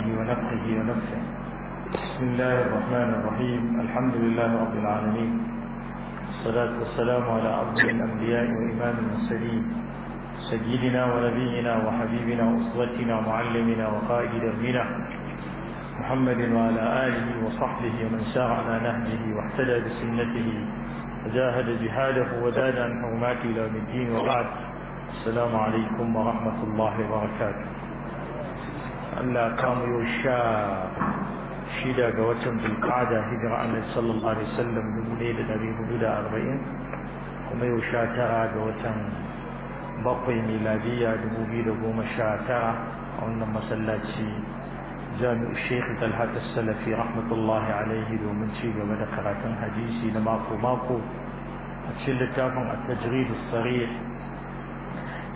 نفسه ونفسه ونفسه بسم الله الرحمن الرحيم الحمد لله رب العالمين الصلاة والسلام على عبد الأنبياء وإمام المرسلين سيدنا ونبينا وحبيبنا وأسوتنا ومعلمنا وقائد دربنا محمد وعلى آله وصحبه ومن سار على نهجه واهتدى بسنته وجاهد جهاده وزاد عن حرمات إلى الدين وبعد السلام عليكم ورحمة الله وبركاته ألا كانوا يوشا شيدا قوتهم في القاعدة هجرة أن صلى الله عليه وسلم من ليلة نبي مدودة أربعين هم يوشا ترى قوتهم بقي ميلادية دمو بيد وقوم ترى أن مسلاتي جامع الشيخ تلحة السلفي رحمة الله عليه ومن شيء ومن قرأت حديثي نماكو ماكو أتشل تافن التجريد الصريح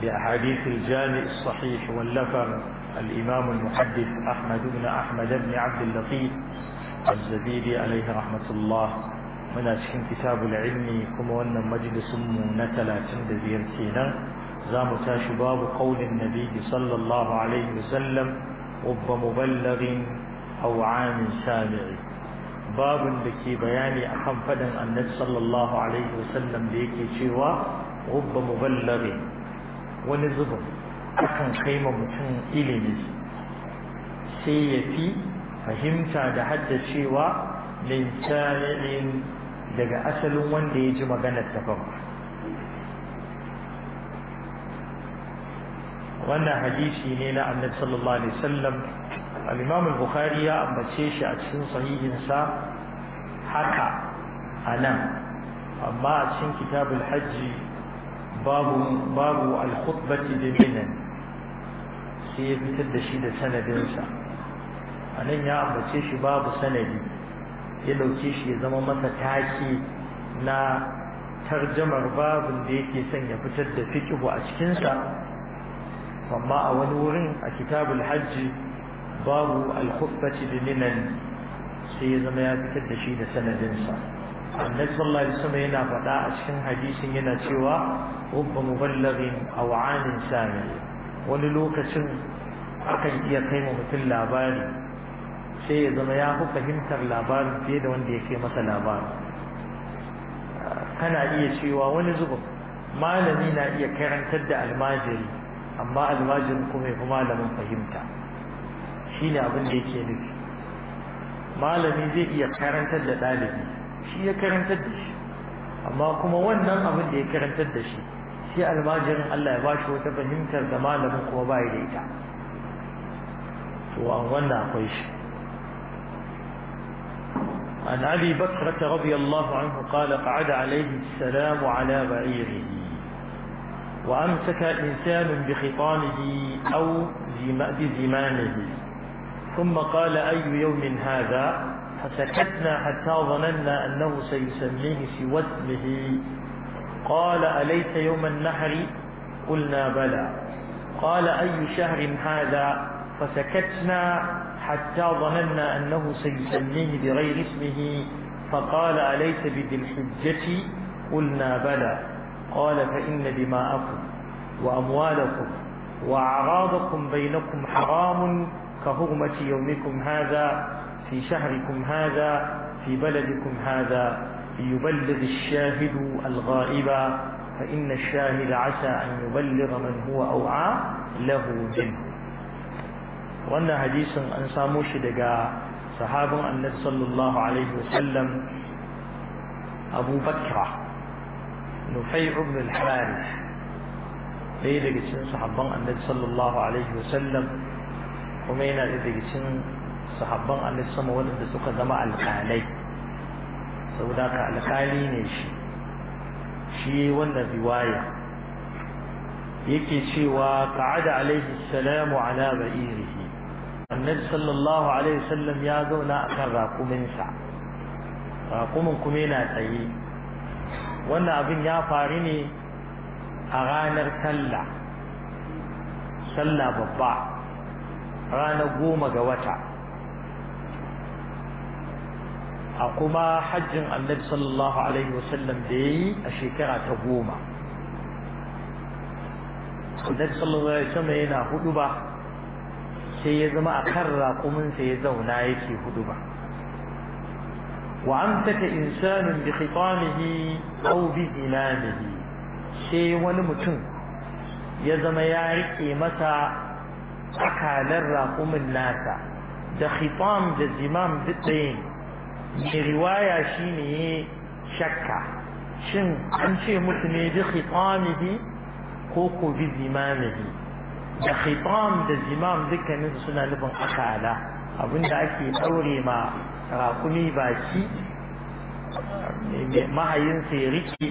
لأحاديث الجامع الصحيح واللفظ الإمام المحدث أحمد بن أحمد بن عبد اللطيف الزبيدي عليه رحمة الله من أشكين كتاب العلم كم وأن مجلس منتلا تندذير كينا زامتا شباب قول النبي صلى الله عليه وسلم رب مبلغ أو عام سامع باب لكي بياني أخم فدن النبي صلى الله عليه وسلم ليكي شوى رب مبلغ ونزبه akan kai ma mutum ilimi sai ya fi fahimta da haddacewa min daga asalin wanda ya ji maganar ta wannan hadisi ne na annabi sallallahu alaihi wasallam al-imam al-bukhari ya ambace shi a cikin sahihin sa haka anan amma a cikin kitabul hajji babu babu al-khutbati bi minan sai ya fitar da shi da sanadinsa a nan ya ambace shi babu sanadi ya dauke shi ya zama masa taki na tarjamar babin da yake son ya fitar da fiqhu a cikinsa amma a wani wurin a kitabul hajji babu al-khuffati bi minan sai ya zama ya fitar da shi da sanadinsa annabi sallallahu alaihi wasallam yana faɗa a cikin hadisin yana cewa rubba muballighin aw 'anin sami wani lokacin akan iya kai mu mutum labari sai ya zama ya fi fahimtar labarin fiye da wanda ya kai masa labari kana iya cewa wani zubin malami na iya karantar da almajiri amma almajirin kuma ya fi malamin fahimta shi ne abin da yake nufi malami zai iya karantar da ɗalibi shi ya karantar da shi amma kuma wannan abin da ya karantar da shi sai almajirin Allah ya ba shi wata fahimtar da malamin kuma ba da ita to an wannan akwai shi عن أبي بكرة رضي الله عنه قال قعد عليه السلام على بعيره وأمسك إنسان بخطانه أو بزمانه ثم قال أي يوم هذا فسكتنا حتى ظننا أنه سيسميه سوى اسمه قال أليس يوم النحر قلنا بلى قال أي شهر هذا فسكتنا حتى ظننا أنه سيسميه بغير اسمه فقال أليس بذي الحجة قلنا بلى قال فإن دماءكم وأموالكم وأعراضكم بينكم حرام كهرمة يومكم هذا في شهركم هذا في بلدكم هذا ليبلغ الشاهد الغائب فإن الشاهد عسى أن يبلغ من هو أوعى له منه وأن حديث أن ساموش دقاء صحاب النبي صلى الله عليه وسلم أبو بكر نفيع بن الحارث أي لقيتين صحاب النبي صلى الله عليه وسلم ومين لقيتين صحاب النبي صلى الله عليه وسلم ولد سوق الدماء القالي saboda ka alƙali ne shi shi wannan riwaya yake cewa qa'ada alaihi salamu ala ba'irihi annabi sallallahu alaihi wasallam ya zauna a kan raƙuminsa raƙumin kuma yana tsaye wannan abin ya faru ne a ranar talla sallah babba ranar goma ga wata a kuma hajjin annabi sallallahu alaihi da ya yi a shekara ta goma annabi sallallahu alaihi wasallam yana hudu ba sai ya zama a kan raƙuminsa ya zauna yake hudu ba wa'amtaka insanin bi khitamihi aw bi inamihi sai wani mutum ya zama ya rike masa tsakanin raƙumin nasa da khitam da zimam duk mai riwaya shi ne shakka shin an ce musu ne bi khitamihi ko ko bi zimamihi da khitam da zimam dukkanin suna nufin akala abinda ake daure ma rakumi baki mahayinsa ya rike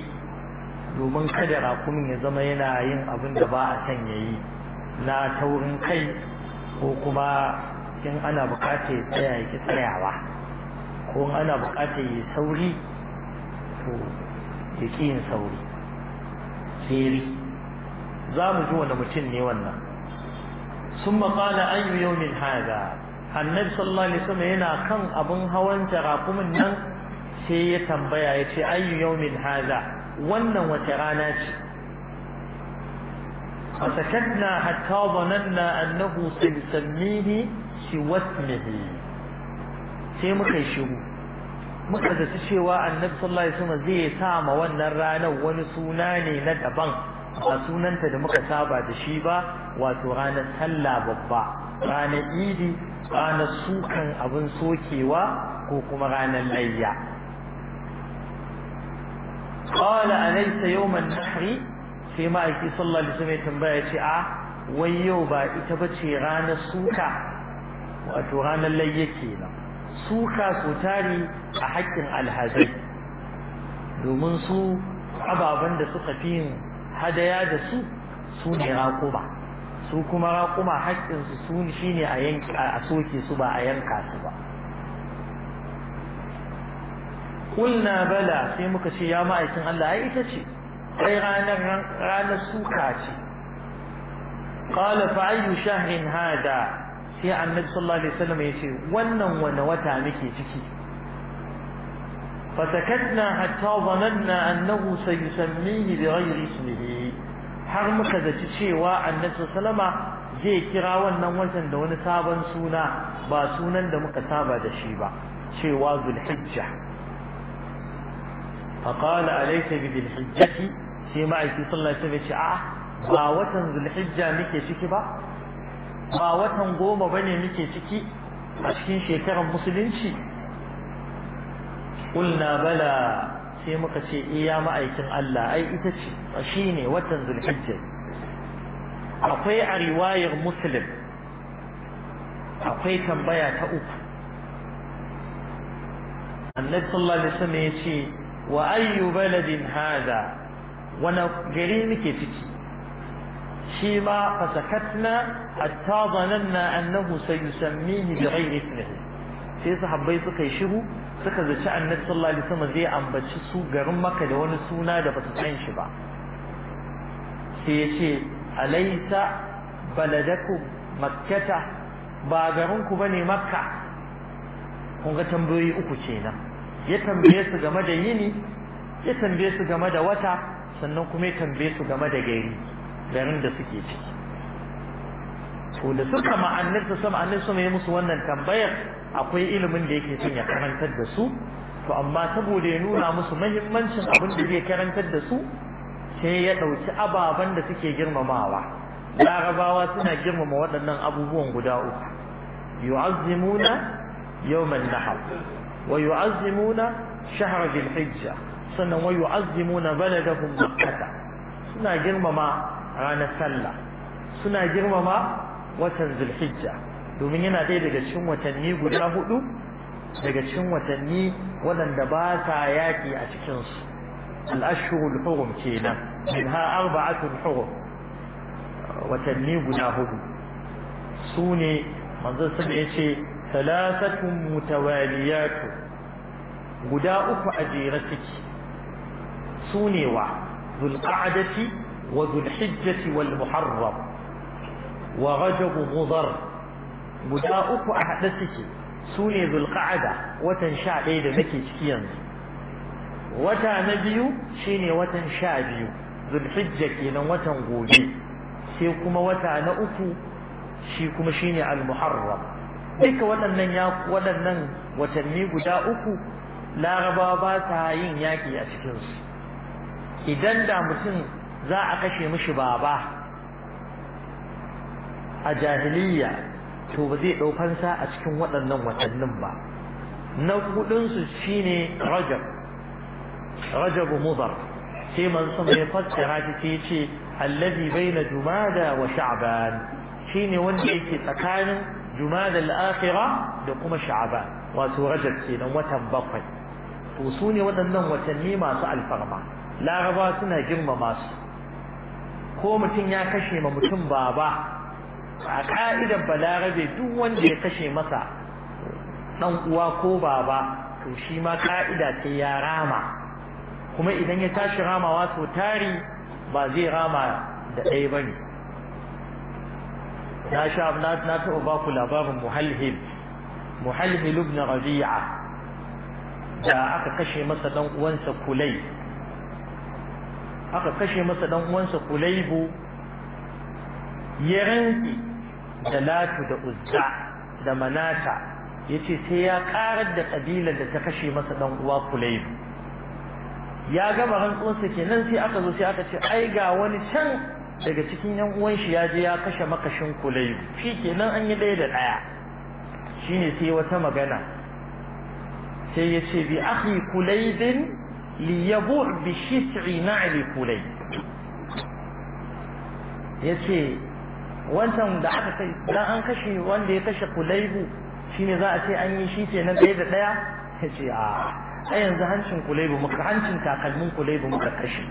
domin kada rakumin ya zama yana yin abin da ba a son ya yi na taurin kai ko kuma in ana bukatar ya tsaya ya tsayawa ko ana bukatar yi sauri to ya ƙi yin sauri tsiri za mu ji wani mutum ne wannan sun maƙala ayyu yau min haza annabi sallallahu alaihi wasallam yana kan abin hawan jarakumin nan sai ya tambaya ya ce ayyu yau min haza wannan wace rana ce فسكتنا حتى ظننا أنه سيسميه سوى اسمه sai muka yi shiru muka zaci cewa annabi sallallahu alaihi wasallam zai sa ma wannan ranar wani suna ne na daban ba sunanta da muka saba da shi ba wato ranar sallah babba ranar idi ranar sukan abin sokewa ko kuma ranar layya qala alaysa yawman nahri sai ma'aiki sallallahu alaihi wasallam ya tambaya ce a wai yau ba ita bace ranar suka wato ranar layya kenan suka su tari a haƙƙin alhazai domin su ababen da suka fi yin hadaya da su su ne raƙuma su kuma raƙuma haƙƙinsu su shi ne a soke su ba a yanka su ba ƙunna bala sai muka ce ya ma'aikin Allah ai ita ce ai ranar suka ce ƙala fa ayyu shahrin hada sai annabi sallallahu alaihi wasallam ya ce wannan wani wata muke ciki fatakatna hatta zananna annahu sayusammihi bi ghairi ismihi har muka zaci cewa annabi sallama zai kira wannan watan da wani sabon suna ba sunan da muka saba da shi ba cewa zulhijja فقال أليس بذي الحجة sai ma'aiki sallallahu alaihi wasallam ya ce a ba watan zulhijja nake ciki ba ba watan goma ba ne muke ciki a cikin shekarar musulunci ƙulna bala sai muka ce iya eh, ma'aikin Allah ai ita ce shi ne watan zulhijjar akwai a riwayar musulun akwai tambaya ta uku annabi sallallahu alaihi wasallam ya ce wa ayyu baladin hada wani gari muke ciki shi ma fasakatna hatta zananna annahu sayusammihi da ismihi sai sahabbai suka yi shiru suka zaci annabi sallallahu alaihi wasallam zai ambaci su garin maka da wani suna da basu san shi ba sai ya ce alaisa baladakum makkata ba garin ku bane makka kun ga tambayoyi uku kenan ya tambaye su game da yini ya tambaye su game da wata sannan kuma ya tambaye su game da gari garin da suke ciki to da suka ma'annin su sama annin su mai musu wannan tambayar akwai ilimin da yake son ya karantar da su to amma saboda ya nuna musu mahimmancin abin da zai karantar da su sai ya ɗauki ababen da suke girmamawa larabawa suna girmama waɗannan abubuwan guda uku yu'azzimuna yawman nahar wa yu'azzimuna shahra dhil hijja sannan wa yu'azzimuna baladahum makkah suna girmama ranar sallah suna girmama watan zulhijja domin yana ɗaya daga cikin watanni guda hudu daga cikin watanni waɗanda ba sa yaƙi a cikinsu al'ashurul hurum kenan min ha arba'atul hurum watanni guda hudu su ne manzon sun ya ce salasatun mutawaliyatu guda uku a jera suke su ne wa zulqa'adati وذو الحجة والمحرم ورجب مضر مجاؤك أحدثك سوني ذو القعدة وتنشع ليلة مكي تكيان وتا نبيو شيني وتنشع بيو ذو الحجة كينا وتنقولي سيكما وتا نأكو شيكما شيني المحرم duka waɗannan ya waɗannan watanni guda uku laraba ba ta yin yaƙi a cikinsu idan da mutum za a kashe mishi baba a jahiliya to ba zai ɗau fansa a cikin waɗannan watannin ba na hudunsu shine rajab rajab mudar sai manzo mai fassara shi sai ce allazi baina jumada wa sha'ban shine wanda yake tsakanin jumada al-akhirah da kuma sha'ban wato rajab kenan watan bakwai to su ne waɗannan watanni masu alfarma laraba suna girmama su ko mutum ya kashe ma mutum baba a ka'idar balarabe duk wanda ya kashe masa ɗan uwa ko baba to shi ma ka'ida ce ya rama kuma idan ya tashi ramawa to tari ba zai rama da ɗaya ba ne na sha na taɓa ba ku labarin muhalhil muhalhil ibn rabi'a da aka kashe masa ɗan uwansa kulai aka kashe masa dan uwansa kulaibu ya rantsi da latu da uzza da manata ya ce sai ya karar da kabilar da ta kashe masa dan uwa kulaibu ya gama rantsuwarsa kenan sai aka zo sai aka ce ai ga wani can daga cikin yan uwan shi ya je ya kashe makashin kulaibu shi kenan an yi ɗaya da ɗaya shine sai wata magana sai ya ce bi akhi kulaibin liyabu bi shit'i na'li kulay yace wancan da aka kai dan an kashe wanda ya kashe kulaibu shine za a ce an yi shi na ɗaya da ɗaya yace a a yanzu hancin kulaibu muka hancin takalmin kulaibu muka kashe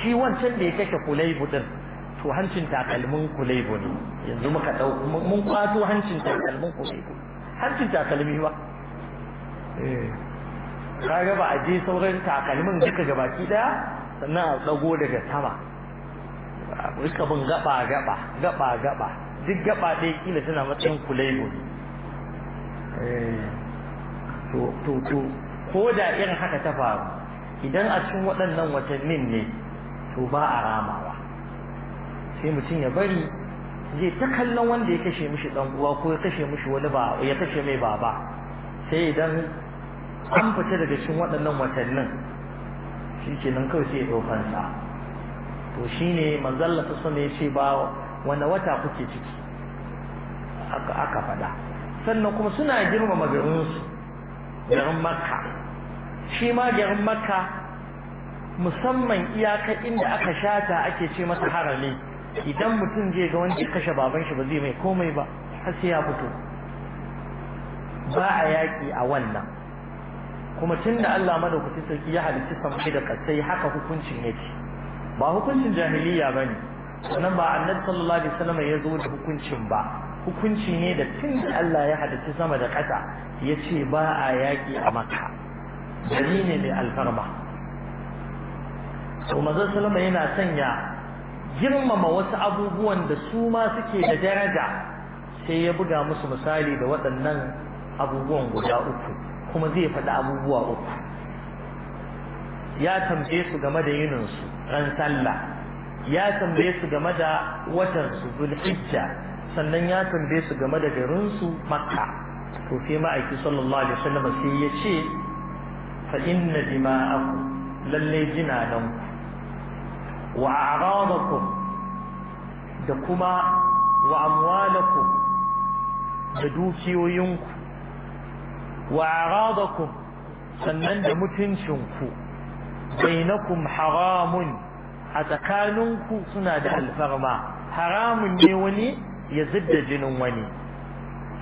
shi wancan da ya kashe kulaibu din to hancin takalmin kulaibu ne yanzu muka ɗauko mun kwato hancin takalmin kulaibu hancin takalmi ba eh kaga ba a je sauran takalmin duka gabaki daya sannan a tsago daga sama suka bin gaba gaba gaba gaba duk gaba ɗaya kila tana matsayin kulaibu eh, to ko da irin haka ta faru idan a cikin waɗannan watannin ne to ba a ramawa sai mutum ya bari zai ta kallon wanda ya kashe mishi dan uwa ko ya kashe mishi wani ba ya kashe mai baba sai idan an fita daga cikin waɗannan watannin shi ke nan kawai sai ya ɗaukansa to shi ne manzalla ta sama ya ce ba wani wata kuke ciki aka faɗa sannan kuma suna girmama garinsu garin makka shi ma garin makka musamman iyaka inda aka shata ake ce masa harami idan mutum zai ga wani kashe baban shi ba zai mai komai ba har sai ya fito ba a yaƙi a wannan kuma tun da Allah madaukakin sarki ya halitta samai da kasai haka hukuncin yake ba hukuncin jahiliya ba ne sannan ba annabi sallallahu alaihi wasallam ya zo da hukuncin ba hukunci ne da tun da Allah ya halitta sama da kasa ya ce ba a yaƙi a maka gari ne mai alfarma to maza salama yana sanya girmama wasu abubuwan da su ma suke da daraja sai ya buga musu misali da waɗannan abubuwan guda uku kuma zai faɗi abubuwa uku ya tambaye su game da yininsu ran sallah ya tambaye su game da watansu zulhijja sannan ya tambaye su game da garinsu makka to sai ma'aiki sallallahu alaihi wasallam sai ya ce fa inna dima'akum lalle jinanan wa a'radakum da kuma wa amwalakum da dukiyoyinku wa aradakum sannan da mutuncinku bainakum haramun a tsakaninku suna da alfarma haramun ne wani ya zidda jinin wani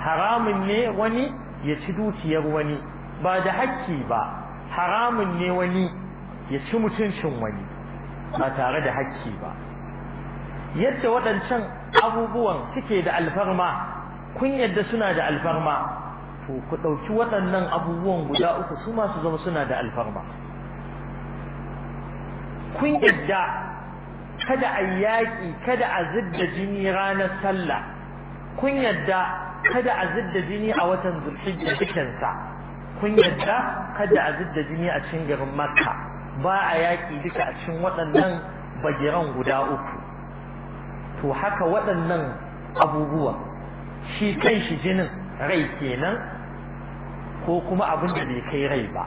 haramun ne wani ya ci dukiyar wani ba da hakki ba haramun ne wani ya ci mutuncin wani ba tare da hakki ba yadda waɗancan abubuwan suke da alfarma kun yadda suna da alfarma ku ku ɗauki waɗannan abubuwan guda uku su masu zama suna da alfarma kun yadda kada a yaƙi kada a zidda jini ranar sallah kun yadda kada a zidda jini a watan zulhijja dukansa kun yadda kada a zidda jini a cikin garin makka ba a yaƙi duka a cikin waɗannan bagiran guda uku to haka waɗannan abubuwa shi kan shi jinin rai kenan ko kuma abin da bai kai rai ba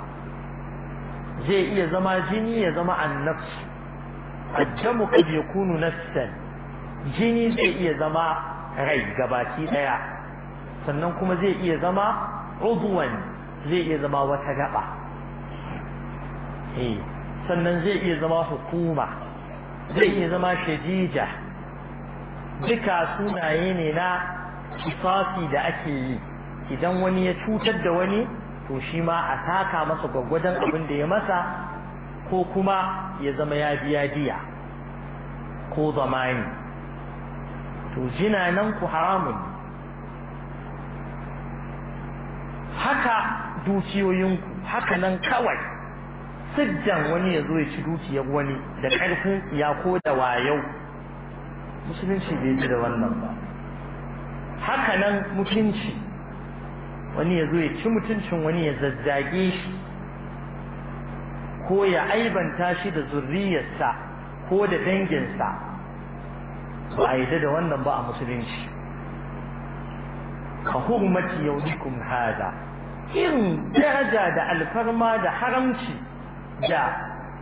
zai iya zama jini ya zama annafs addamu kad yakunu nafsan jini zai iya zama rai gabaki daya sannan kuma zai iya zama udwan zai iya zama wata gaba eh, sannan zai iya zama hukuma zai iya zama shadija duka sunaye ne na kifafi da ake yi idan wani ya cutar da wani to shi ma a taka masa gwaggwadon abin da ya masa ko kuma ya zama ya biya diya ko zamani to jina nan ku haramun haka dukiyoyinku haka nan kawai sujjan wani ya zo ya ci dukiyar wani da ƙarfin ya ko da wayau musulunci bai ji da wannan ba haka nan mutunci wani ya zo ya ci mutuncin wani ya zazzage shi ko ya aibanta shi da zurriyarsa ko da danginsa To a yadda da wannan ba a musulunci ka hurmati jikun hada irin daraja da alfarma da haramci da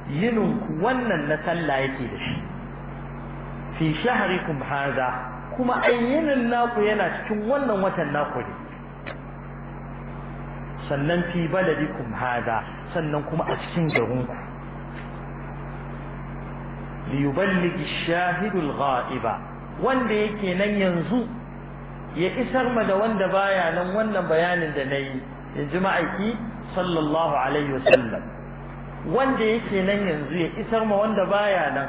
yininku wannan na sallah yake da shi fi shahrikum hada kuma ayyinin naku yana cikin wannan watan naku ne sannan fi baladikum hada sannan kuma a cikin garinku li yuballigi shahidul ghaiba wanda yake nan yanzu ya isar ma da wanda baya nan wannan bayanin da nayi yanzu ma'aiki sallallahu alaihi wasallam wanda yake nan yanzu ya isar ma wanda baya nan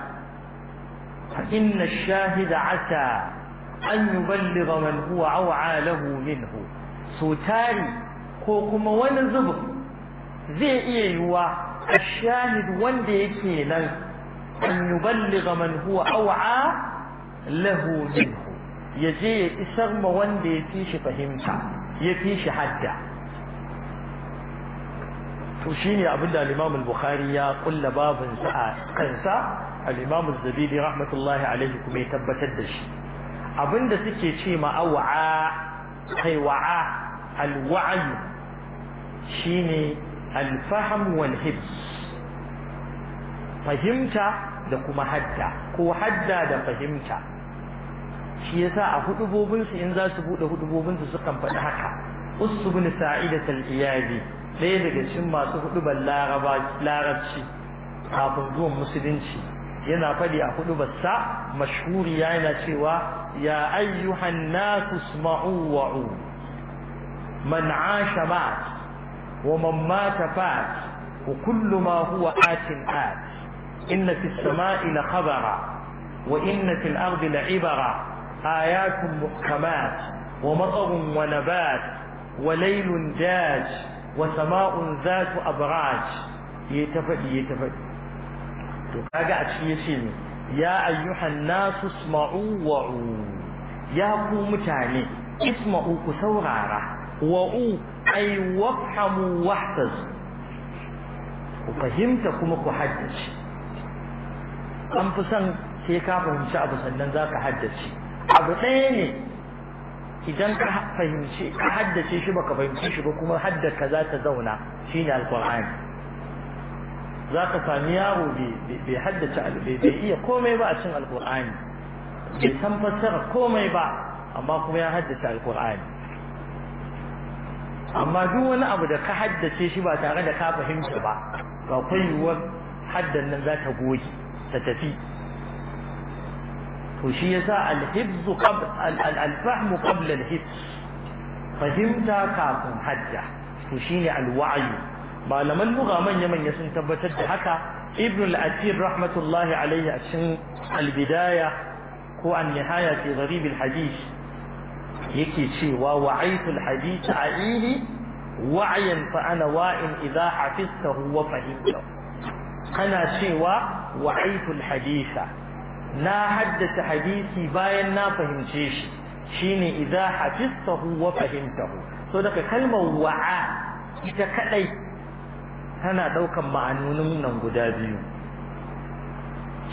fa inna shahida asa an yuballigha man huwa aw'a lahu minhu so tari ko kuma wani zubin zai iya yiwa a shahid wanda yake nan an balli ga manhuwa aw'a lahu minhu ya je ya isar ma wanda ya fi shi fahimta ya fi shi hadda to shine abin da al bukhari ya kulla babin sa a kansa al-Imam az-Zabidi rahmatullahi alaihi kuma ya tabbatar da shi abinda suke ce ma aw'a kai wa'a al shine alfaham wal hibs fahimta da kuma hadda ko hadda da fahimta shi yasa a hudubobin su in za su bude hudubobin su sukan faɗi haka usbu bin sa'idat al-iyadi ɗaya daga cikin masu laraba larabci kafin zuwan musulunci yana faɗi a sa mashhuri yana cewa ya ayyuhan nasu sma'u wa'u man 'asha ma'a ومن مات فات وكل ما هو آت آت إن في السماء لخبرا وإن في الأرض لعبرا آيات محكمات ومطر ونبات وليل جاج وسماء ذات أبراج يتفدي يتفدي وكاقع تشيشين يا أيها الناس اسمعوا وعوا يا قوم تاني اسمعوا كثورارا wa'u ay wafhamu wahtaz ku fahimta kuma ku haddace an fi son sai ka fahimci abu sannan za ka haddace abu ɗaya ne idan ka fahimci ka haddace shi baka fahimci shi ba kuma haddaka za ta zauna shine alqur'ani za ka sami yaro bai haddace bai iya komai ba a cin alkur'ani bai san fassara komai ba amma kuma ya haddace alkur'ani amma duk wani abu da ka haddace shi ba tare da ka fahimta ba ba kai yuwar haddan nan za ta goge ta tafi to shi yasa al-hifz al-fahm al fahimta kafin hadda to shine al-wa'y malaman lugha manya manya sun tabbatar da haka ibn al-athir rahmatullahi alayhi a cikin al-bidaya ko an-nihaya fi gharib al-hadith yake cewa wa'aytul hadith a'ili wa'yan fa ana wa'in idza hafiztahu wa fahimtahu kana cewa wa'aytul haditha na haddace hadisi bayan na fahimce shi shine idza hafiztahu wa fahimtahu so daga kalmar wa'a ita kadai tana daukan ma'anonin nan guda biyu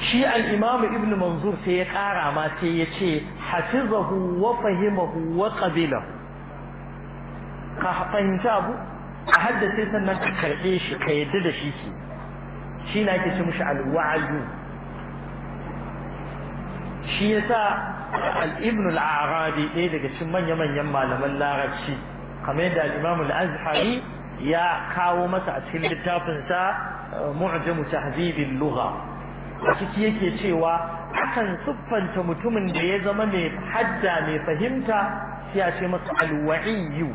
shi al-imam ibn manzur sai ya ƙara ma yace ya ce hafizahu wa fahimahu wa ka fahimci abu ka haddace sannan ka karbe shi ka yadda da shi ke shi na ke ce mushi al shi yasa al-ibn al-arabi ɗaya daga cikin manya-manyan malaman larabci kamar yadda al-imam azhari ya kawo masa a cikin littafinsa eh, mu'jamu tahdhib al-lugha ciki yake cewa akan siffanta mutumin da ya zama mai hadda mai fahimta sai a ce masa alwa'iyu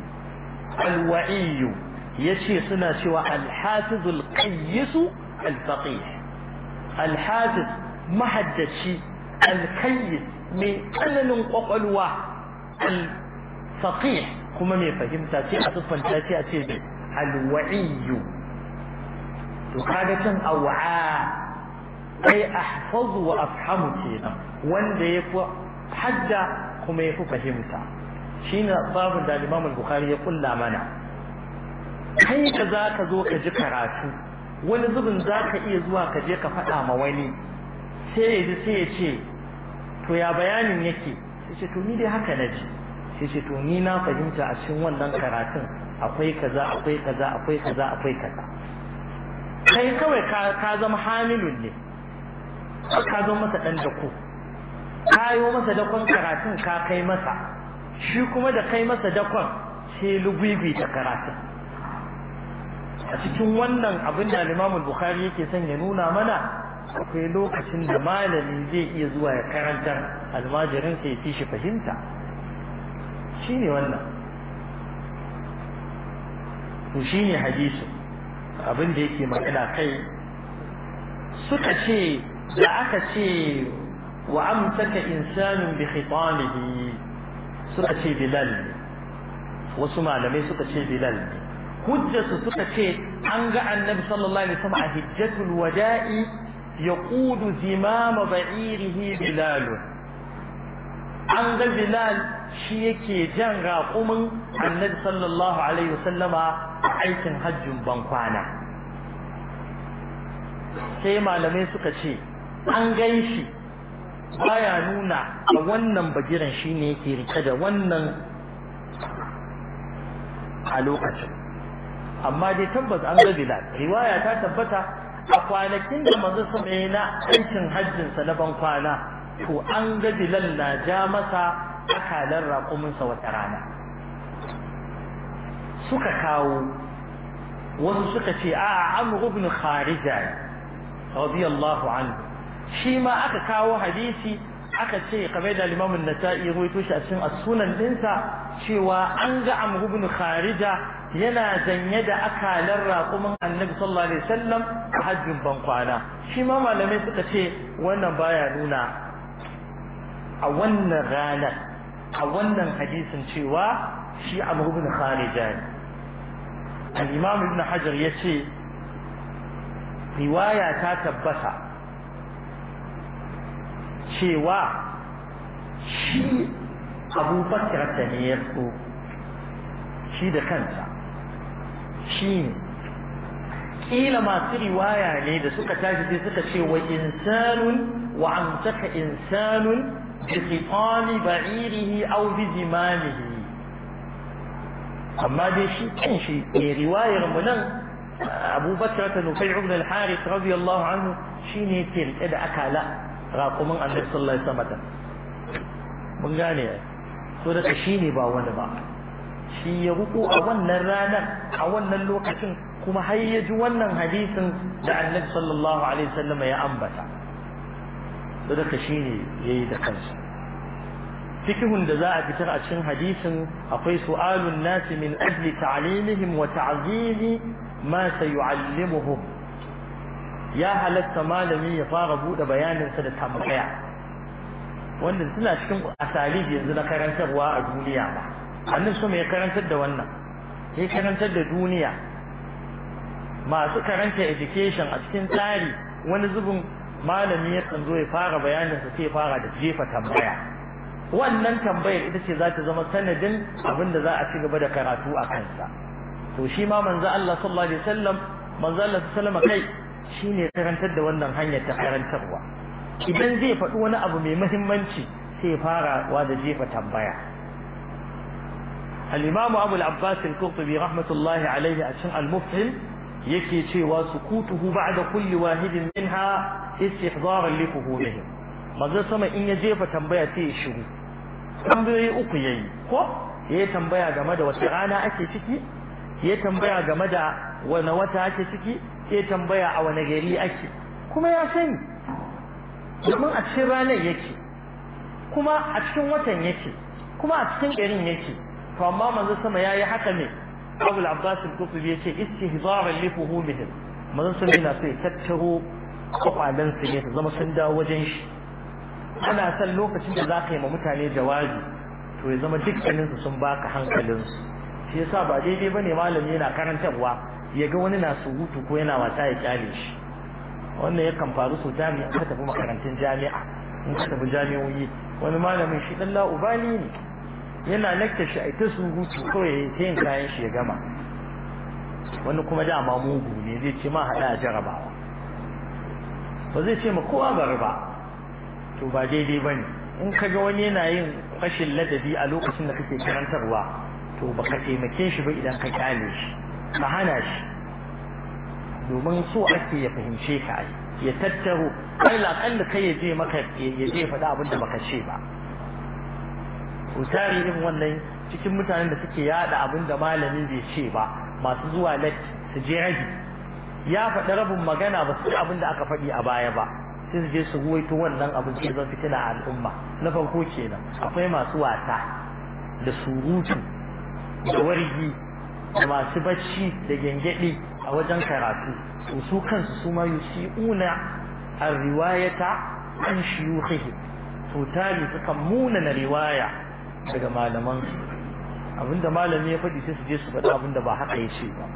alwa'iyu yace suna cewa alhafizul qayyisu alfaqih alhafiz mahaddaci alkayyis mai tsananin kwakwalwa alfaqih kuma mai fahimta sai a siffanta sai a ce alwa'iyu to kaga can awa'a ai ahfazu wa afhamu kenan wanda ya fi hadda kuma ya fi fahimta shine babu da Imam bukhari ya kulla mana kai ka za ka zo ka ji karatu wani zubin za ka iya zuwa ka je ka faɗa ma wani sai ya ji sai ya ce to ya bayanin yake sai ce to ni dai haka na ji sai ce to ni na fahimta a cikin wannan karatun akwai kaza akwai kaza akwai kaza akwai kaza kai kawai ka zama hamilun ne ka zo masa ɗan dako ka kayo masa dakon karatun ka kai masa shi kuma da kai masa dakon sai lugubi ta karatun a cikin wannan abin da limamul bukhari yake son ya nuna mana akwai lokacin da malami zai iya zuwa ya karantar almajirin sai fi shi fahimta shi ne wannan to shi ne hadisi abin da yake magana kai suka ce da aka ce wa amsaka insanun bi khitamihi suka ce bilal wasu malamai suka ce bilal ne suka ce an ga annabi sallallahu alaihi wasallam a hijjatul wada'i yaqudu zimama ba'irihi bilal an ga bilal shi yake jan raƙumin annabi sallallahu alaihi wasallama a aikin hajjin bankwana sai malamai suka ce an gan shi baya nuna a wannan bagiran shi ne yake rike da wannan a lokacin amma dai tabbas an ga bilal riwaya ta tabbata a kwanakin da manzo sama ya na aikin hajjinsa na ban kwana to an ga bilal na ja masa akalan sa wata rana suka kawo wasu suka ce a'a amru ibn kharija radiyallahu anhu shi ma aka kawo hadisi aka ce kamar da limamin nasa'i ya ruwaito shi a cikin as-sunan dinsa cewa an ga amr ibn kharija yana zanye da akalar raƙumin annabi sallallahu alaihi wasallam a hajjin bankwana shi ma malamai suka ce wannan baya nuna a wannan ranar a wannan hadisin cewa shi amr ibn kharija ne al-imam ibn hajar yace riwaya ta tabbata cewa shi abubakar ta ne ya so shi da kansa shi kila masu riwaya ne da suka tashi sai suka ce wa insanun wa amsaka insanun bi khitani ba'irihi aw bi zimanihi amma dai shi kan shi mai riwayar mu nan abubakar ta nufai ibn al-harith radiyallahu anhu shine ke da akala raƙumin annabi sallallahu alaihi wasallam mun gane so da shi ne ba wani ba shi ya ruko a wannan ranar a wannan lokacin kuma har ya ji wannan hadisin da annabi sallallahu alaihi wasallam ya ambata so da shi ne yayi da kansa fikihun da za a fitar a cikin hadisin akwai su'alun nasi min ajli ta'limihim wa ta'zimi ma sayu'allimuhum ya halatta malami ya fara buɗe bayaninsa da tambaya wanda suna cikin asali yanzu na karantarwa a duniya ba annin su mai karantar da wannan ya karantar da duniya masu karanta education a cikin tsari wani zubin malami ya kan zo ya fara bayaninsa sai ya fara da jefa tambaya wannan tambayar ita ce za ta zama sanadin abin da za a ci gaba da karatu a kansa to shi ma manzo Allah sallallahu alaihi wasallam manzo Allah sallallahu alaihi wasallam kai shine karantar da wannan hanyar ta karantarwa idan zai faɗi wani abu mai muhimmanci sai wa da jefa tambaya al-imam abu al-abbas al-qurtubi rahmatullahi alayhi a cikin al-mufhim yake cewa sukutuhu ba'da kulli wahidin minha istihdaran li fuhumihim manzo sama in ya jefa tambaya sai ya shiru tambayoyi uku yayi ko ya tambaya game da wace rana ake ciki ya tambaya game da wani wata ake ciki ya tambaya a wani gari ake kuma ya sani domin a cikin ranar yake kuma a cikin watan yake kuma a cikin garin yake to amma manzo sama yayi haka ne Abu al-Abbas al-Qutubi yace istihzaran li fuhumihim manzo sama yana sai tattaro kwalan su ne zama sun dawo wajen shi ana san lokacin da zaka yi ma mutane jawabi to ya zama dukkanin su sun baka hankalinsu. su shi yasa ba daidai bane malami yana karantarwa ya ga wani na surutu ko yana wasa ya kyale shi wannan yakan faru sau jami'a ka tafi makarantun jami'a in ka tafi jami'oyi wani malamin shi ɗan la'ubali ne yana lakta shi a ta surutu kawai ta yin kayan shi ya gama wani kuma dama mugu ne zai ce ma haɗa a jarabawa ba zai ce ma kowa bari ba to ba daidai ba ne in ka ga wani yana yin rashin ladabi a lokacin da kake karantarwa to ba ka taimake shi ba idan ka kyale shi ka hana shi domin so ake ya fahimce ka ya tattaro la kalla kai ya je maka ya je faɗa abin da baka ce ba usari irin wannan cikin mutanen da suke yada abin da malami bai ce ba masu zuwa latti su je haji ya faɗi rabin magana ba su abin da aka faɗi a baya ba sai su je su ruwaito wannan abin da zan fitina a al'umma na farko kenan akwai masu wasa da surutu da wargi da masu bacci da gyangyaɗi a wajen karatu to su kansu su ma una ar-riwayata an shuyukhihi to tali suka muna na riwaya daga malaman su abinda malami ya faɗi sai su je su faɗi abinda ba haka ya ce ba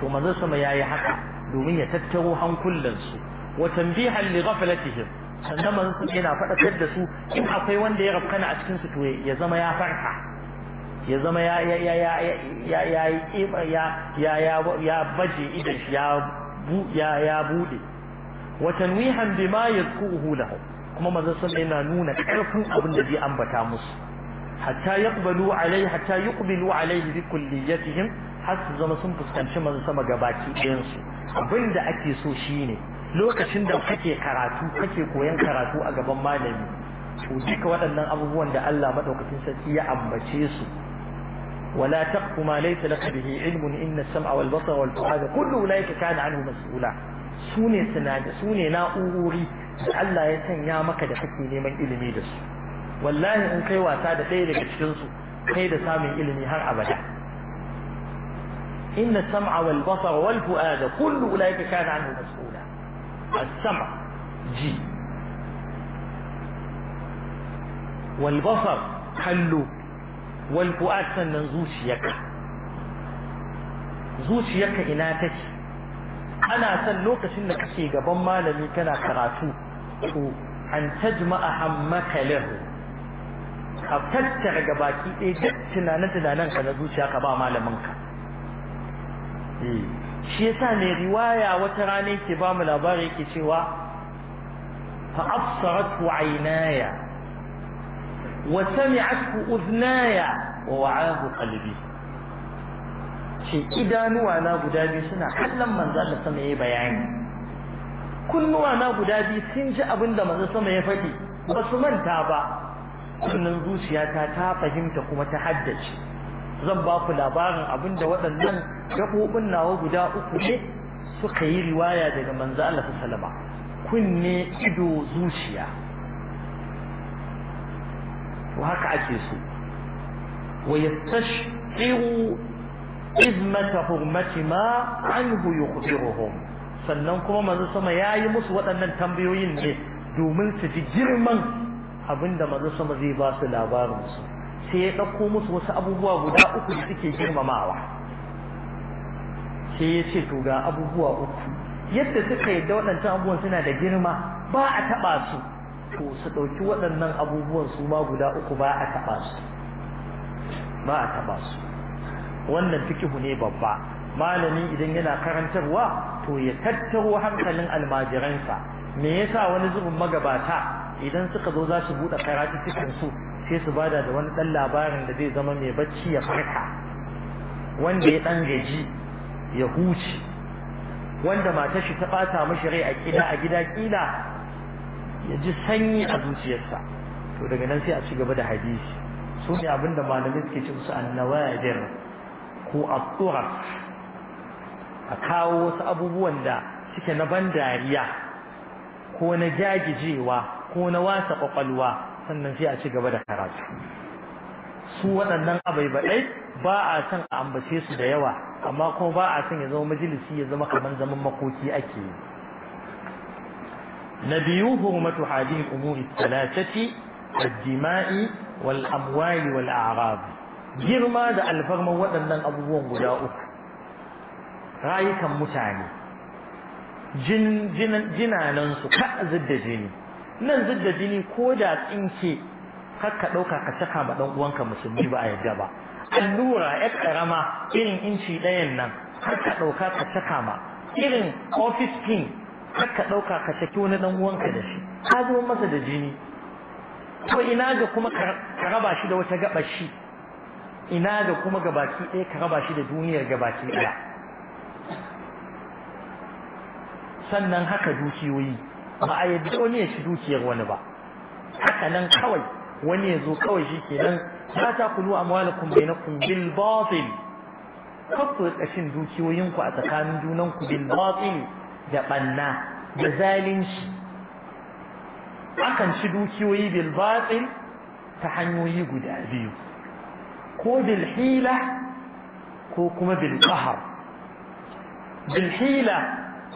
to manzon sama yayi haka domin ya tattaro hankulansu wa tanbihan li ghaflatihim sannan manzo yana faɗakar da su in akwai wanda ya rafkana a cikin su to ya zama ya farka ya zama ya ya ya ya ya ya ya ya ya baje idan ya bu ya ya bude wa tanwihan bima yadkuhu lahu kuma manzo sallallahu yana nuna karfin abin da zai ambata musu hatta yaqbalu alai hatta yuqbilu bi kulliyatihim har su zama sun fuskanci manzo sama gabaki ɗayan su da ake so shine lokacin da kake karatu kake koyan karatu a gaban malami to duka waɗannan abubuwan da Allah madaukakin sarki ya ambace su ولا تقف ما ليس لك به علم إن السمع والبصر والفؤاد كل أولئك كان عنه مسؤولا سوني سنادة سوني ناؤوري الله يا مكد حكي لمن إلمي دسو والله إن كي واسادة تيلك تشنسو كي دسامي إلمي هر أبدا إن السمع والبصر والفؤاد كل أولئك كان عنه مسؤولا السمع جي والبصر حلو wal fu'ad sannan zuciyarka zuciyarka ina take ana son lokacin da kake gaban malami kana karatu to an tajma'a hammaka lahu ka tattara gabaki ɗaya duk tunanen tunanen ka na zuciya ka ba malaminka ka eh, shi yasa mai riwaya wata rana yake ba mu labari yake cewa fa absaratu aynaya وسمعته أذناي ووعاه قلبي شيء إدانوا أنا قدابي سنة حلا من ذلك سمعي بياني kunnuwa na guda biyu sun ji abin da manzo sama ya faɗi ba su manta ba sannan zuciyata ta fahimta kuma ta haddace zan ba ku labarin abin da waɗannan gaɓoɓin nawa guda uku ne suka yi riwaya daga manzo Allah sallama kunne ido zuciya wa haka ake so wa yastashqiru izmata hurmati ma anhu yukhbiruhum sannan kuma manzo sama yayi musu waɗannan tambayoyin ne domin su ji girman abinda manzo sama zai ba su labarin su sai ya ɗauko musu wasu abubuwa guda uku da suke girmamawa sai ya ce to ga abubuwa uku yadda suka yadda waɗancan abubuwan suna da girma ba a taɓa su to su ɗauki waɗannan abubuwan su ma guda uku ba a taɓa su ba a taɓa su wannan fikihu ne babba malami idan yana karantarwa to ya tattaro hankalin almajiransa me yasa wani zubin magabata idan suka zo za su buɗe karatu cikin su sai su bada da wani ɗan labarin da zai zama mai bacci ya farka wanda ya ɗan gaji ya huce wanda matar shi ta ɓata mashi rai a gida a gida kila ya ji sanyi a zuciyarsa to daga nan sai a ci gaba da hadisi su ne abinda malamai suke ce musu annawadir ko at a kawo wasu abubuwan da suke na ban dariya ko na jagijewa ko na wasa kwakwalwa sannan sai a ci gaba da karatu su waɗannan abai-baɗai ba a san a ambace su da yawa amma kuma ba a san ya zama majalisi ya zama kamar zaman makoki ake yi نبيوه أمت هذه الأمور الثلاثة الدماء والأموال والأعراض جرما دا الفرما ودنن أبوان غداؤك رأيك متعني جن جن جنا ننسو كا زد جيني نن زد جيني كودات إنكي كاكا لوكا كشاكا بدون وانكا مسلمي بأي جابا النورة اكرما إن إنشي دين نن كاكا لوكا كشاكا إن أوفيس كين Ka ɗauka ka saki wani ɗan uwanka da shi ka zo masa da jini to ina ga kuma ka raba shi da wata gabar shi ina ga kuma gabaki ɗaya ka raba shi da duniyar gabaki ɗaya sannan haka dukiyoyi ba a yadda wani ya ci dukiyar wani ba haka nan kawai wani ya zo kawai shi ke nan ya ta kulu amwalakum na bil batil kafin ƙashin dukiyoyinku a tsakanin junanku bil batil da ɓanna da zalunci akan ci dukiyoyi bilbatsin ta hanyoyi guda biyu ko bilhila ko kuma bil bilhila bil hila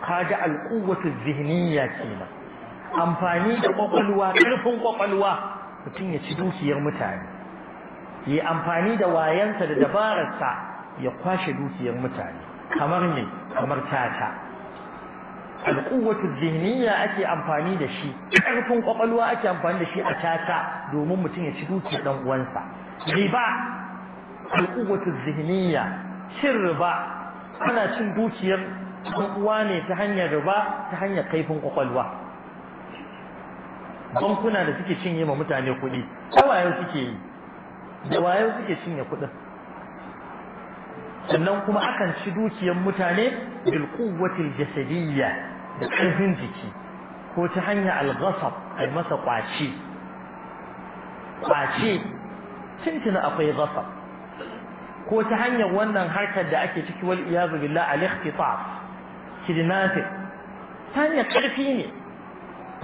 kaga al quwwatu kenan amfani da kwakwalwa ƙarfin kwakwalwa mutum ya ci dukiyar mutane yi amfani da wayansa da dabararsa ya kwashe dukiyar mutane kamar ne kamar tata alƙuwatu jiniya ake amfani da shi ƙarfin ƙwaƙwalwa ake amfani da shi a caca domin mutum ya ci duki ɗan uwansa riba alƙuwatu zihniya cin riba ana cin dukiyar ɗan uwa ne ta hanyar riba ta hanyar kaifin ƙwaƙwalwa bankuna da suke cinye ma mutane kuɗi ta wayo suke yi da wayo suke cinye kuɗin sannan kuma akan ci dukiyar mutane bil quwwatil jasadiyya da ƙarfin jiki ko ta hanyar algasab a masa ƙwace ƙwace tuntuna akwai gasab ko ta hanyar wannan harkar da ake ciki wal iyazu billah al ikhtisaf kidnapping ta hanyar ƙarfi ne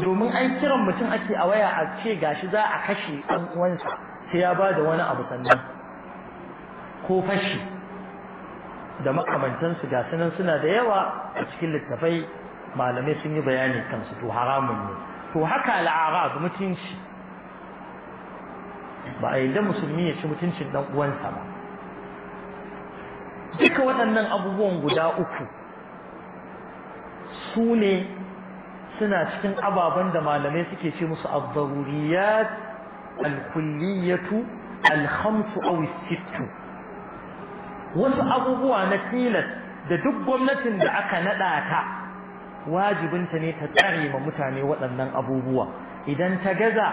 domin an kiran mutum ake a waya a ce gashi za a kashe ɗan uwansa sai ya ba da wani abu sannan ko fashi da makamantansu ga sunan suna da yawa a cikin littafai malamai sun yi bayani kansu to haramun ne to haka al'arab mutunci ba a yadda musulmi ya ci mutuncin dan uwansa ba duka waɗannan abubuwan guda uku su ne suna cikin ababen da malamai suke ce musu al-daruriyat al a al wasu abubuwa na tilas da duk gwamnatin da aka naɗa ta wajibinta ne ta tsare ma mutane waɗannan abubuwa idan ta gaza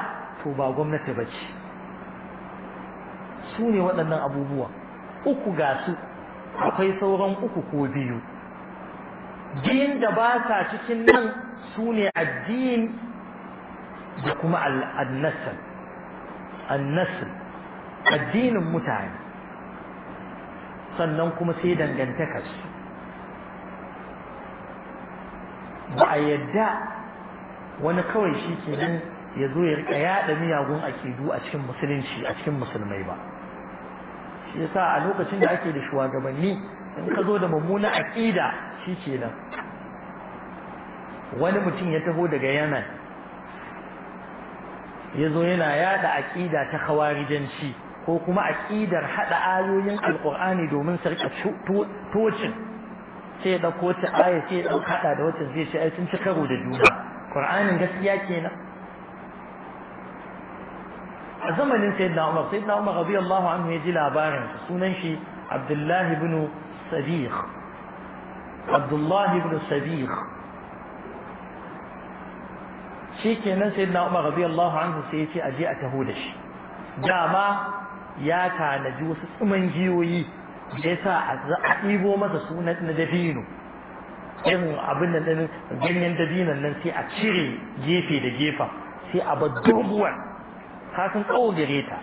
to ba gwamnati ba ce su ne waɗannan abubuwa uku ga su akwai sauran uku ko biyu jin da ba sa cikin nan su ne addini da kuma annasal addinin mutane sannan kuma sai dangantakarsu ba a yadda wani kawai shi ke nan ya zo ya riƙa yaɗa miyagun akidu a cikin musulunci a cikin musulmai ba shi yasa a lokacin da ake da shugabanni in ka zo da mummuna aƙida shi ke nan wani mutum ya taho daga yaman ya zo yana yaɗa aƙida ta khawarijanci ko kuma aƙidar haɗa ayoyin alƙur'ani domin sarƙa tocin sai da ko ta aya sai da kada da wata zai ce ai sun ci karo da juna qur'anin gaskiya kenan a zamanin sayyidina umar sayyidina umar radiyallahu anhu ya ji labarin sunan shi abdullahi ibn sabiq abdullahi ibn sabiq shi kenan sayyidina umar radiyallahu anhu sai ya ce aje a taho da shi dama ya tanaji wasu tsuman giyoyi sai sa a ɗibo masa sunan na dabino irin abin da ɗin ganyen dabinon nan sai a cire gefe da gefen sai a bar doguwar ka san tsawo gare ta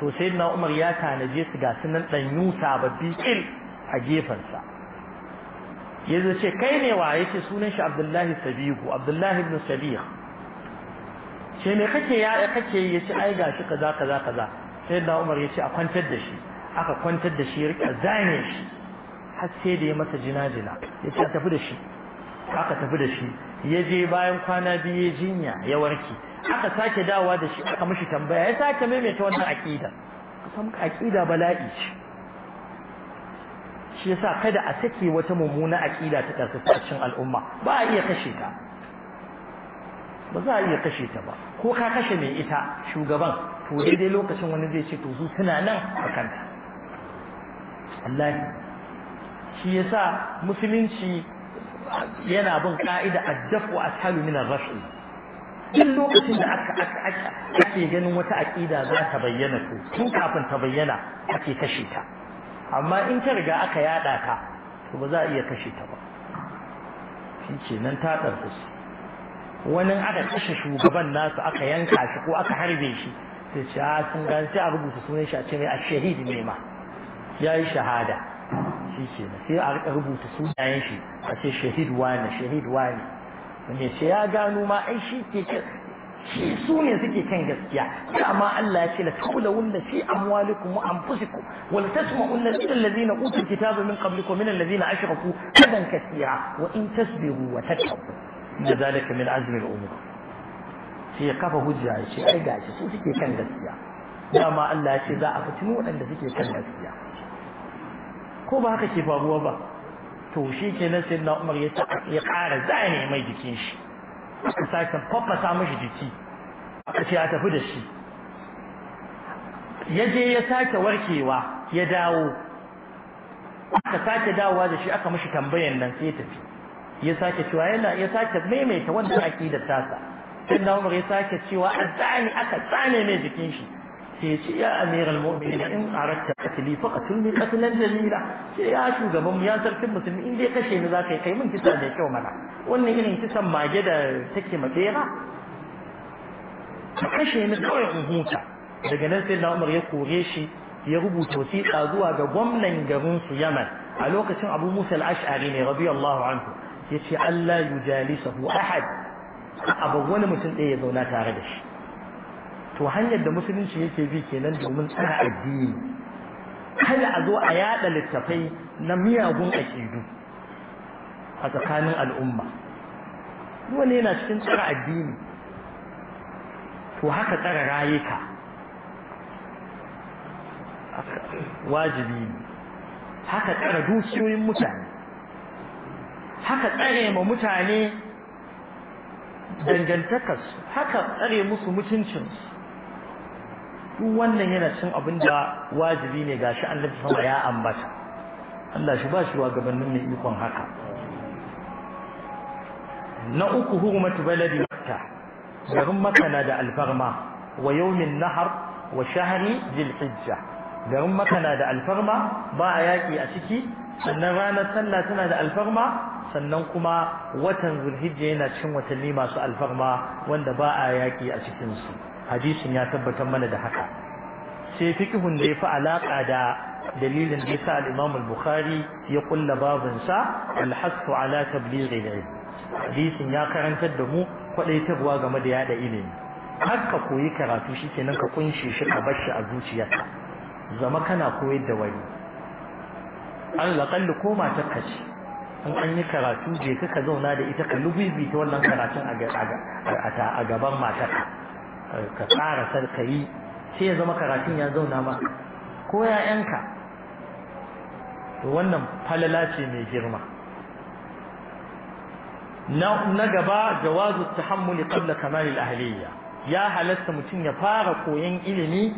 to sai na umar ya tanaje su ga sunan ɗanyu sababbi ƙil a gefensa ya ce kai ne wa yake sunan shi abdullahi sabihu abdullahi ibn sabih Sai me kake ya ya ce ai gashi kaza kaza kaza sai na umar ya ce a kwantar da shi aka kwantar da shi rika zane shi har sai da ya masa jina-jina ya ce tafi da shi aka tafi da shi ya je bayan kwana biyu ya jinya ya warke aka sake dawa da shi aka mishi tambaya ya sake maimaita wannan aƙida kusan aƙida bala'i ce shi yasa kada a sake wata mummuna aƙida ta karkata a cikin al'umma ba a iya kashe ta ba za a iya kashe ta ba ko ka kashe mai ita shugaban to daidai lokacin wani zai ce to su suna nan a kanta wallahi shi yasa musulunci yana bin ka'ida addafu ashalu min ar-rash'i duk lokacin da aka aka ake ganin wata aqida za ta bayyana su tun kafin ta bayyana ake kashe ta amma in ta riga aka yada ta to ba za a iya kashe ta ba shi ce nan ta ɗarfi wani aka kashe shugaban nasu aka yanka shi ko aka harbe shi sai ce a ah, sun gan sai a rubuta sunan shi a ce mai a shahidi ne ma yayi shahada shi ke sai a rubuta sunayen shi a ce shahid wani shahid wani ne sai ya gano ma ai shi ke shi su ne suke kan gaskiya amma Allah ya ce la tawlawun wanda fi amwalikum wa anfusikum wa la tasma'unna ila allazina utul kitaba min qablikum min alladhina ashraku kadan kathira wa in tasbiru wa tattaqu da zalika min azmi al-umur sai ya kafa hujja ya ce ai gashi su suke kan gaskiya amma Allah ya ce za a fitinu waɗanda suke kan gaskiya ko ba haka ke faruwa ba to shi ke nan sai na umar ya ƙara zane mai jikin shi aka sake fafasa mashi jiki aka ce ya tafi da shi ya je ya sake warkewa ya dawo aka sake dawowa da shi aka mashi tambayan nan sai ya tafi ya sake cewa yana ya sake maimaita wanda ake da tasa sai na umar ya sake cewa a zane aka zane mai jikin shi yace ya amiral mu'minin in aratta qatli faqtilni qatlan jamila sai ya shugaban mu ya sarkin musulmin in dai kashe ni zakai kai min kisa da kyau mana wannan irin kisan mage da take makera kashe ni kawai in huta daga nan sai Umar ya kore shi ya rubuta wasiqa zuwa ga gwamnan garin su Yaman a lokacin Abu Musa al-Ash'ari ne radiyallahu anhu yace Allah yujalisahu ahad abu wani mutum ɗaya ya zauna tare da shi to hanyar da musulunci yake bi kenan domin tsara addini kada a zo a yada littafai na miyagun aƙidu a tsakanin al'umma wani yana cikin tsara addini to haka tsara rayuka wajibi ne haka tsara dukiyoyin mutane haka tsare ma mutane dangantakarsu haka tsare musu mutuncinsu duk wannan yana cin abin da wajibi ne gashi annabi sama ya ambata Allah shi ba shi wa gabanin mai ikon haka na uku hurmatu baladi makka garin makka na da alfarma wa yawmin nahar wa shahri dhil hijja garin makka na da alfarma ba a yaki a ciki sannan ranar sallah tana da alfarma sannan kuma watan zulhijja yana cin watanni masu alfarma wanda ba a yaki a cikinsu hadisin ya tabbatar mana da haka sai fiqhun da yafi alaƙa da dalilin da yasa al-Imam al-Bukhari ya kulla babin sa al ala tabligh al hadisin ya karantar da mu kwadaitarwa game da yada ilimi har ka koyi karatu shi shikenan ka kunshi shi ka bar shi a zuciyarka zama kana koyar da wani alal ko matar ka ce in an yi karatu je ka zauna da ita ka lubibi ta wannan karatun a gaban matarka ka tsara sarkayi sai ya zama karatun ya zauna ma ko ya'yanka to wannan falala ce mai girma na gaba jawazu tahammuli qabla kamalil ahliyya ya halatta mutum ya fara koyon ilimi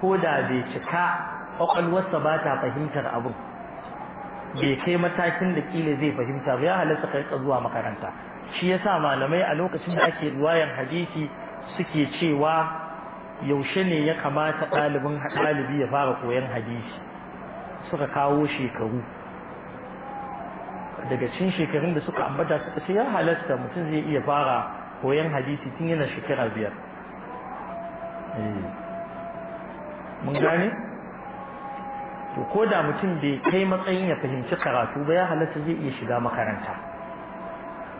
ko da bai cika ƙwaƙwalwarsa ba ta fahimtar abu bai kai matakin da ƙila zai fahimta ba ya halatta ka zuwa makaranta shi yasa malamai a lokacin da ake ruwayan hadisi suke cewa yaushe ne ya kamata ɗalibin ɗalibi ya fara koyon hadisi suka kawo shekaru daga cikin shekarun da suka ambata suka ce ya halatta mutum zai iya fara koyon hadisi tun yana shekara biyar eh. mun gane to ko da mutum bai kai matsayin ya fahimci karatu ba ya halatta zai iya shiga makaranta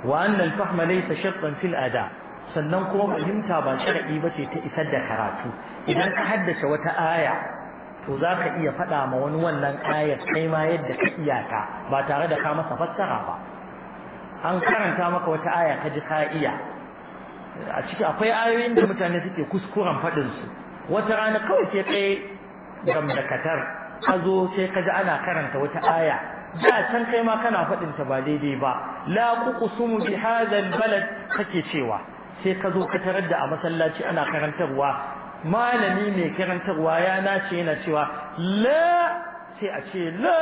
wa annal fahma laysa shartan fil ada sannan kuma fahimta ba shar'i ba ce ta isar da karatu idan ka haddace wata aya to za ka iya faɗa ma wani wannan ayar kai ma yadda ka iyaka ba tare da ka masa fassara ba an karanta maka wata aya ka ji ka iya a ciki akwai ayoyin da mutane suke kuskuren faɗinsu wata rana kawai sai kai gamdakatar ka zo sai ka ji ana karanta wata aya da can kai ma kana faɗin ta ba daidai ba la kuqsumu bi hadha balad kake cewa sai ka zo ka tarar da a masallaci ana karantarwa malami mai karantarwa ya nace yana cewa la sai a ce la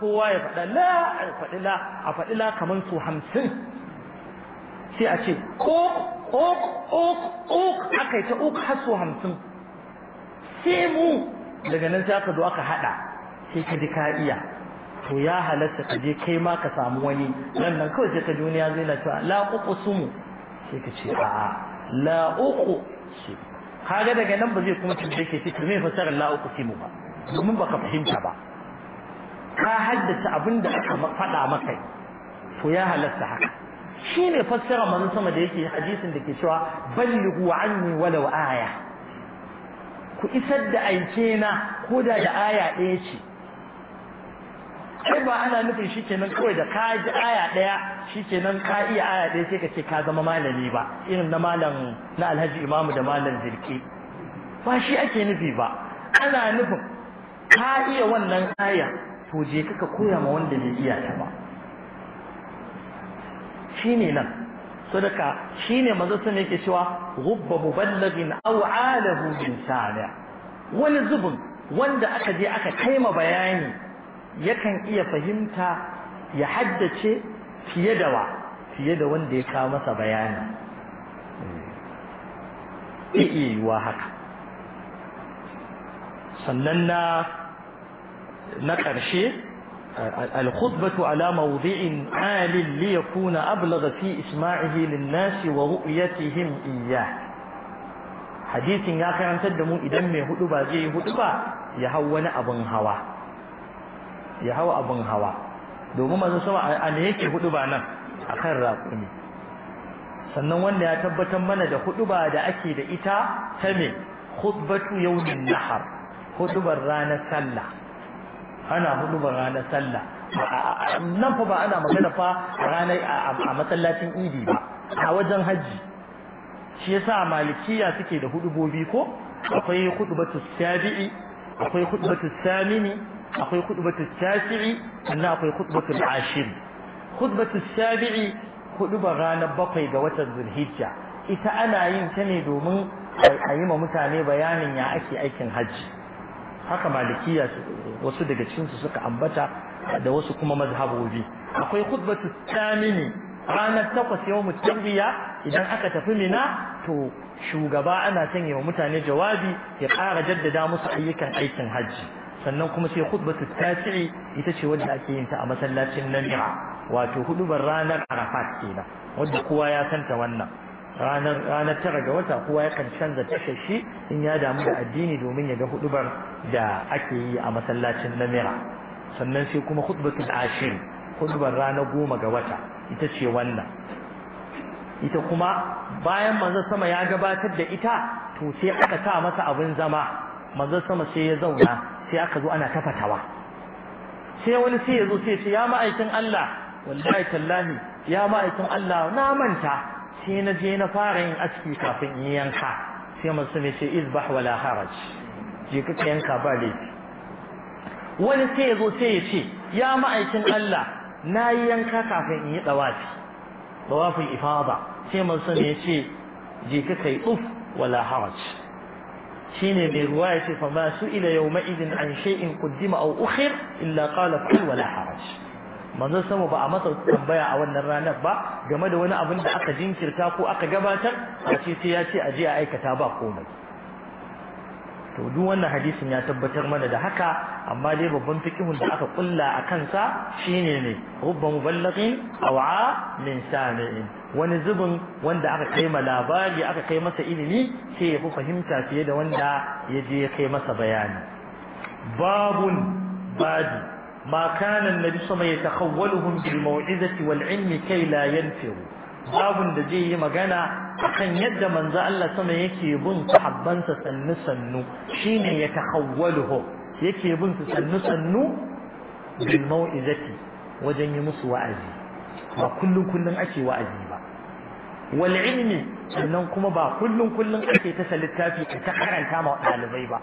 kowa ya faɗa la a faɗi la a faɗi la kamar su hamsin sai a ce ok ok ok ok aka yi ta ok har su hamsin sai mu daga nan sai aka zo aka haɗa sai ka ji ka iya to ya halatta ka je kai ma ka samu wani nan nan kawai sai ka duniya zai na cewa la uqsumu sai ka ce a'a la uku ce kaga daga nan ba zai kuma tambaye ke ce me fasarar la uku ce mu ba domin baka fahimta ba ka haddasa abin da aka faɗa maka to ya halatta haka shi ne fassara manzo sama da yake hadisin da ke cewa ballighu anni walau aya ku isar da aice na koda da aya ɗaya ce ai ba ana nufin shi kenan kawai da ka ji aya daya shikenan ka iya aya daya sai ka ce ka zama malami ba irin na malam na Alhaji Imamu da malam Zirki ba shi ake nufi ba ana nufin ka iya wannan aya to je ka koya ma wanda bai iya ta ba shine nan sadaka shine manzo sun yake cewa gubba muballagin aw alahu bin wani zubin wanda aka je aka kaima bayani yakan iya fahimta ya haddace fiye da wa fiye da wanda ya kawo masa bayani iya yiwuwa haka sannan na na ƙarshe alkhutbatu ala mawdi'in alin li yakuna ablagha fi isma'ihi lin nas wa ru'yatihim iyya hadithin ya karantar da mu idan mai hudu ba zai yi hudu ba ya hau wani abin hawa ya hawa abun hawa domin masu sama a yake hudu ba nan akan raƙumi sannan wanda ya tabbatar mana da hudu ba da ake da ita ta me khutbatu yawmin nahar hudubar ranar sallah ana hudubar ranar sallah nan fa ba ana magana fa ranar a masallacin idi ba a wajen hajji shi yasa malikiya suke da hudubobi ko akwai khutbatu sabi'i akwai khutbatu samini akwai khutbatu tasi'i sannan akwai khutbatu ashir khutbatu sabi'i khutba ranar bakwai ga watan zulhijja ita ana yin ta ne domin a ma mutane bayanin ya ake aikin hajji haka malikiya wasu daga su suka ambata da wasu kuma mazhabobi akwai khutbatu tamini ranar takwas yau mutarbiya idan aka tafi mina to shugaba ana sanya wa mutane jawabi ya kara jaddada musu ayyukan aikin hajji sannan kuma sai khutbatu tasi'i ita ce wadda ake yin ta a masallacin Najira wato hudubar ranar Arafat kenan wadda kowa ya santa wannan ranar ranar tara ga wata kowa yakan canza tashashi in ya damu da addini domin ya ga hudubar da ake yi a masallacin namira sannan sai kuma khutbatu ashir hudubar ranar goma ga wata ita ce wannan ita kuma bayan manzon sama ya gabatar da ita to sai aka sa masa abin zama manzon sama sai ya zauna sai aka zo ana ta fatawa sai wani sai ya zo sai ce ya ma'aikin Allah wallahi tallahi ya ma'aikin Allah na manta sai na je na fara yin aski kafin in yanka sai masu ya ce izbah wala haraj je ka yanka ba laifi wani sai ya zo sai ya ce ya ma'aikin Allah na yi yanka kafin in yi dawafi dawafin ifada sai masu ya ce je ka kai uf wala haraj shine mai ruwa ya ce fa ma su ila yawma idin an shay'in quddima aw ukhir illa qala kul wala haraj manzon sama ba a masa tambaya a wannan ranar ba game da wani abin da aka jinkirta ko aka gabatar a sai ya ce a je a aikata ba komai to duk wannan hadisin ya tabbatar mana da haka amma dai babban fikihun da aka kulla a kansa shine ne rubba muballighin aw'a min sami'in wani zubin wanda aka kai ma labari aka kai masa ilimi sai ya fi fahimta fiye da wanda ya je ya kai masa bayani babun badi, ma kana annabi sama ya takhawwaluhum bil mau'izati wal ilmi kai la yanfiru babun da zai yi magana akan yadda manzo Allah sama yake bin sa sannu sannu shine ya takhawwaluhum yake bin su sannu sannu bil mau'izati wajen yi musu wa'azi ba kullum kullum ake wa'azi wal ilmi sannan kuma ba kullun kullun ake ta littafi ta karanta ma ɗalibai ba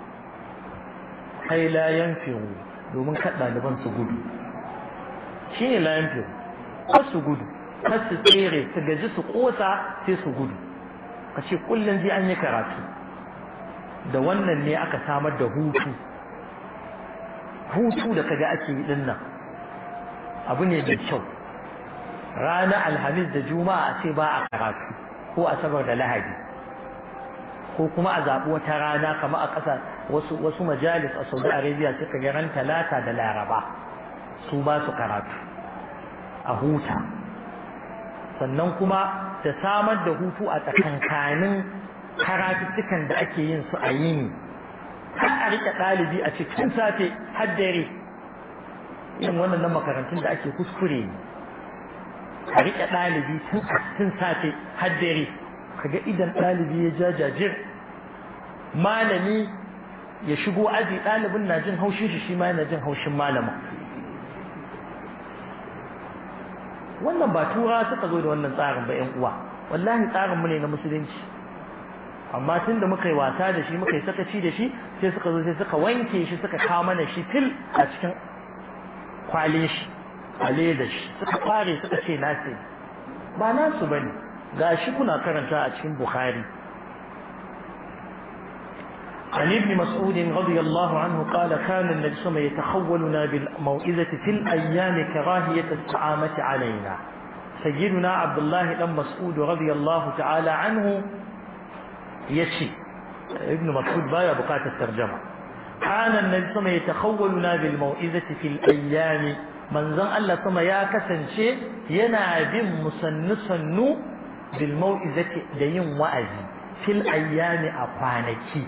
kai la yanfiru domin ka daliban su gudu shi ne la yanfiru ko su gudu kar su tsere su gaji su kosa sai su gudu ka ce kullun zai an yi karatu da wannan ne aka samar da hutu hutu da kaga ake yi dinnan abu ne mai kyau ranar alhamis da juma'a sai ba a karatu ko asabar da lahadi ko kuma a zaɓi wata rana kama a ƙasa wasu wasu majalis a saudi arabia suka ga ran talata da laraba su ba su karatu a huta sannan kuma da samar da hutu a tsakankanin karatuttukan da ake yin su a yini har a riƙe ɗalibi a cikin safe har dare irin wannan makarantun da ake kuskure ne a riƙe ɗalibi tun safe har ka kaga idan ɗalibi ya jajajir malami ya shigo aji ɗalibin na jin haushin shi shi ma yana jin haushin malama wannan ba tura suka zo da wannan tsarin ba yan uwa wallahi tsarin mu ne na musulunci amma tun da muka yi wasa da shi muka yi sakaci da shi sai suka zo sai suka wanke shi suka kawo mana shi fil a cikin kwalin shi a leda shi suka kware suka ce nasi ba nasu bane gashi kuna karanta a cikin bukhari عن ابن مسعود رضي الله عنه قال كان النبي صلى الله عليه وسلم يتخولنا بالموئزة في الأيام كراهية الطعامة علينا سيدنا عبد الله بن مسعود رضي الله تعالى عنه يشي ابن مسعود بايا بقات الترجمة كان النبي صلى الله يتخولنا بالموئزة في الأيام manzon Allah kuma ya kasance yana bin musannu sannu bil mau'izati da yin wa'azi fil ayyami a kwanaki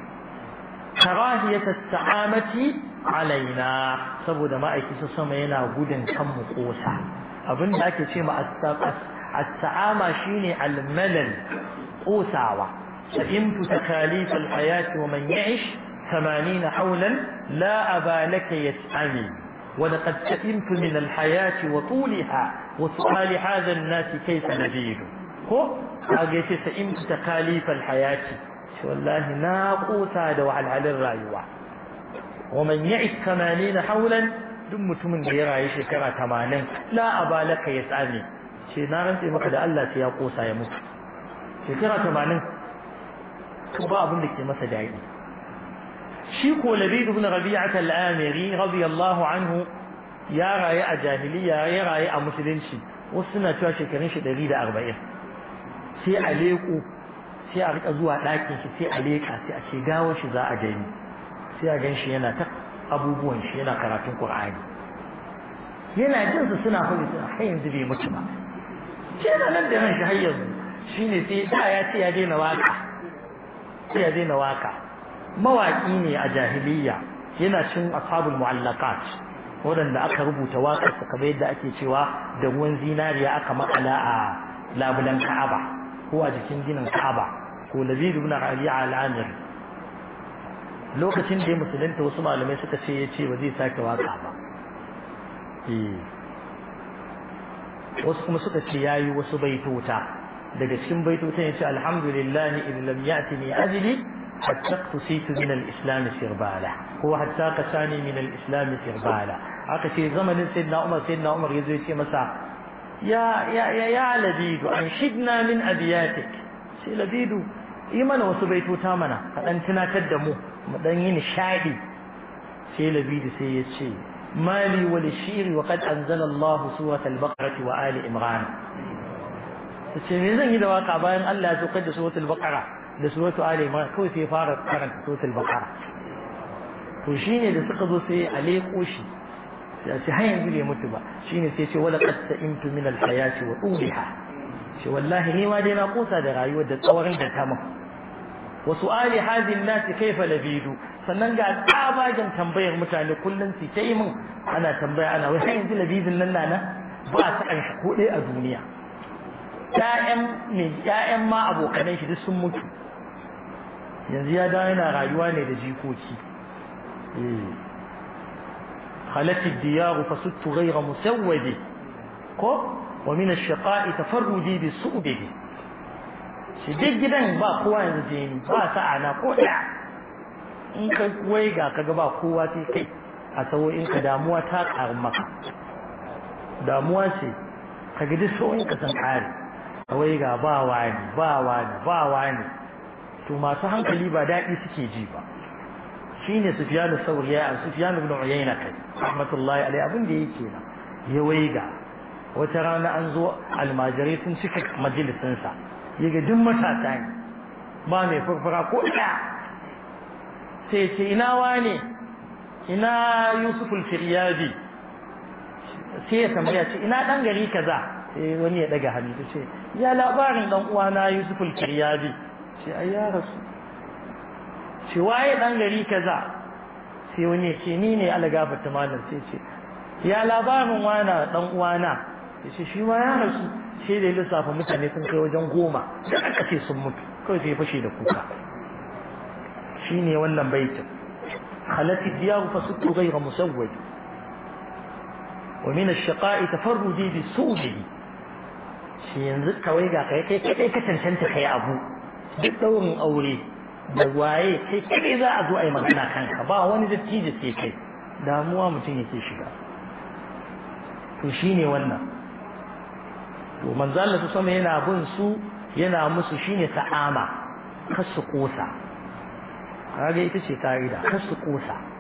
karahiyat ta'amati alaina saboda ma'aikata sama yana gudun kan mu kosa abin da ake ce ma as-sa'ama shine al-malal kosawa in takalif al-hayat wa man ya'ish 80 hawlan la abalaka laka yas'ami ولقد سئمت من الحياة وطولها وسؤال هذا الناس كيف نزيد هو أجيت سئمت تكاليف الحياة والله ناقو سادة وعلى الرأيوة ومن يعيش ثمانين حولا دمت من غير عيش كرا ثمانين لا لك يسألني شي نارنت إما قد ألا سيقو سايمو شي كرا ثمانين تبا أبنك يمسى عيني shi ko labid ibn rabi'at al-amiri radiyallahu anhu ya rayu a jahiliya ya rayu a musulunci wasu suna cewa shekarun shi 140 sai a leko sai a rika zuwa ɗakin shi sai a leka sai a ce gawar shi za a gani sai a gan shi yana ta abubuwan shi yana karatun qur'ani yana jin su suna faɗi suna har yanzu bai mutu ba kenan nan da ran shi har yanzu shine sai da ya ce ya daina waka ya daina waka mawaƙi ne a jahiliya yana cin ashabul mu'allaqat waɗanda aka rubuta waƙar su kamar yadda ake cewa da ruwan zinariya aka makala a labulan Ka'aba ko a jikin ginin Ka'aba ko Labid ibn Rabi'a al-Amir lokacin da ya musulunta wasu malamai suka ce ya ce ba zai sake waƙa ba eh. wasu kuma suka ce ya yi wasu baitota daga cikin baitotan ya ce alhamdulillah idan lam ya'tini ajli حتى سيت من الإسلام سربالة هو حتى ثاني من الإسلام سربالة في زمن سيدنا عمر سيدنا عمر يزوي في مساء يا يا يا يا لذيذ أنشدنا من أبياتك سي لذيذ إيمان وسبيت وتامنا انتنا تدمو مدنين شادي سي لذيذ سي يتشي مالي وللشير وقد أنزل الله سورة البقرة وآل إمران تشي من زنجي دواقع باين الله تقدس سورة البقرة da suratu ali imran kawai sai fara karanta suratul baqara to shine da suka zo sai a leko shi sai ce har yanzu bai mutu ba shine sai ce wala qad sa'imtu min al-hayati wa tuliha ce wallahi ni ma dai na kosa da rayuwar da tsawarin da ta mun wa su'ali hadhi an-nas kayfa labidu sannan ga tsabagen tambayar mutane kullum su ta yi min ana tambaya ana wai har yanzu labidin nan na ba ta an ko dai a duniya ƴaƴan ma abokanan shi duk sun mutu yanzu ya dawo yana rayuwa ne da jikoki hmm. halatti diyaru fa suttu ghayra musawwadi ko wa min ash-shaqa'i tafarrudi bi su'bihi shi duk gidan ba kowa yanzu ni ba sa'ana ko da in ka wai ga kaga ba kowa sai kai a in ka damuwa ta karu maka damuwa ce ka duk sauyin ka san kare ga ba wani ba wani ba wani to masu hankali ba daɗi suke ji ba shine da Thawri ya Sufyan yi na kai rahmatullahi alaihi abin da yake na ya waiga wata rana an zo almajirai sun cika majalisinsa. ya ga duk matasa ne ba mai farfara ko ɗaya sai ce ina wane ina Yusuf al sai ya tambaya ce ina ɗan gari kaza sai wani ya daga hannu ta ce ya labarin dan uwana Yusuf al ce ai ya rasu ce waye dan gari kaza sai wani ya ce ni ne algafata malam sai ce ya labarin wana dan uwana ya ce shi ma ya rasu sai da lissafa mutane sun kai wajen goma da aka ce sun mutu kawai sai fashe da kuka Shi ne wannan baitin halatti diyaru fa suttu ghayra musawwad wa min ash-shaqa'i tafarrudi bi su'udi shi yanzu kawai ga kai kai kai ka tantance kai abu duk ɗaurin aure da waye kai kaɗai za a zo a yi magana kanka ba wani dattijo ke kai damuwa mutum yake shiga to shine wannan to manzo Allah sama yana bin su yana musu shine sa'ama kasu kosa kaga ita ce ka'ida kasu kosa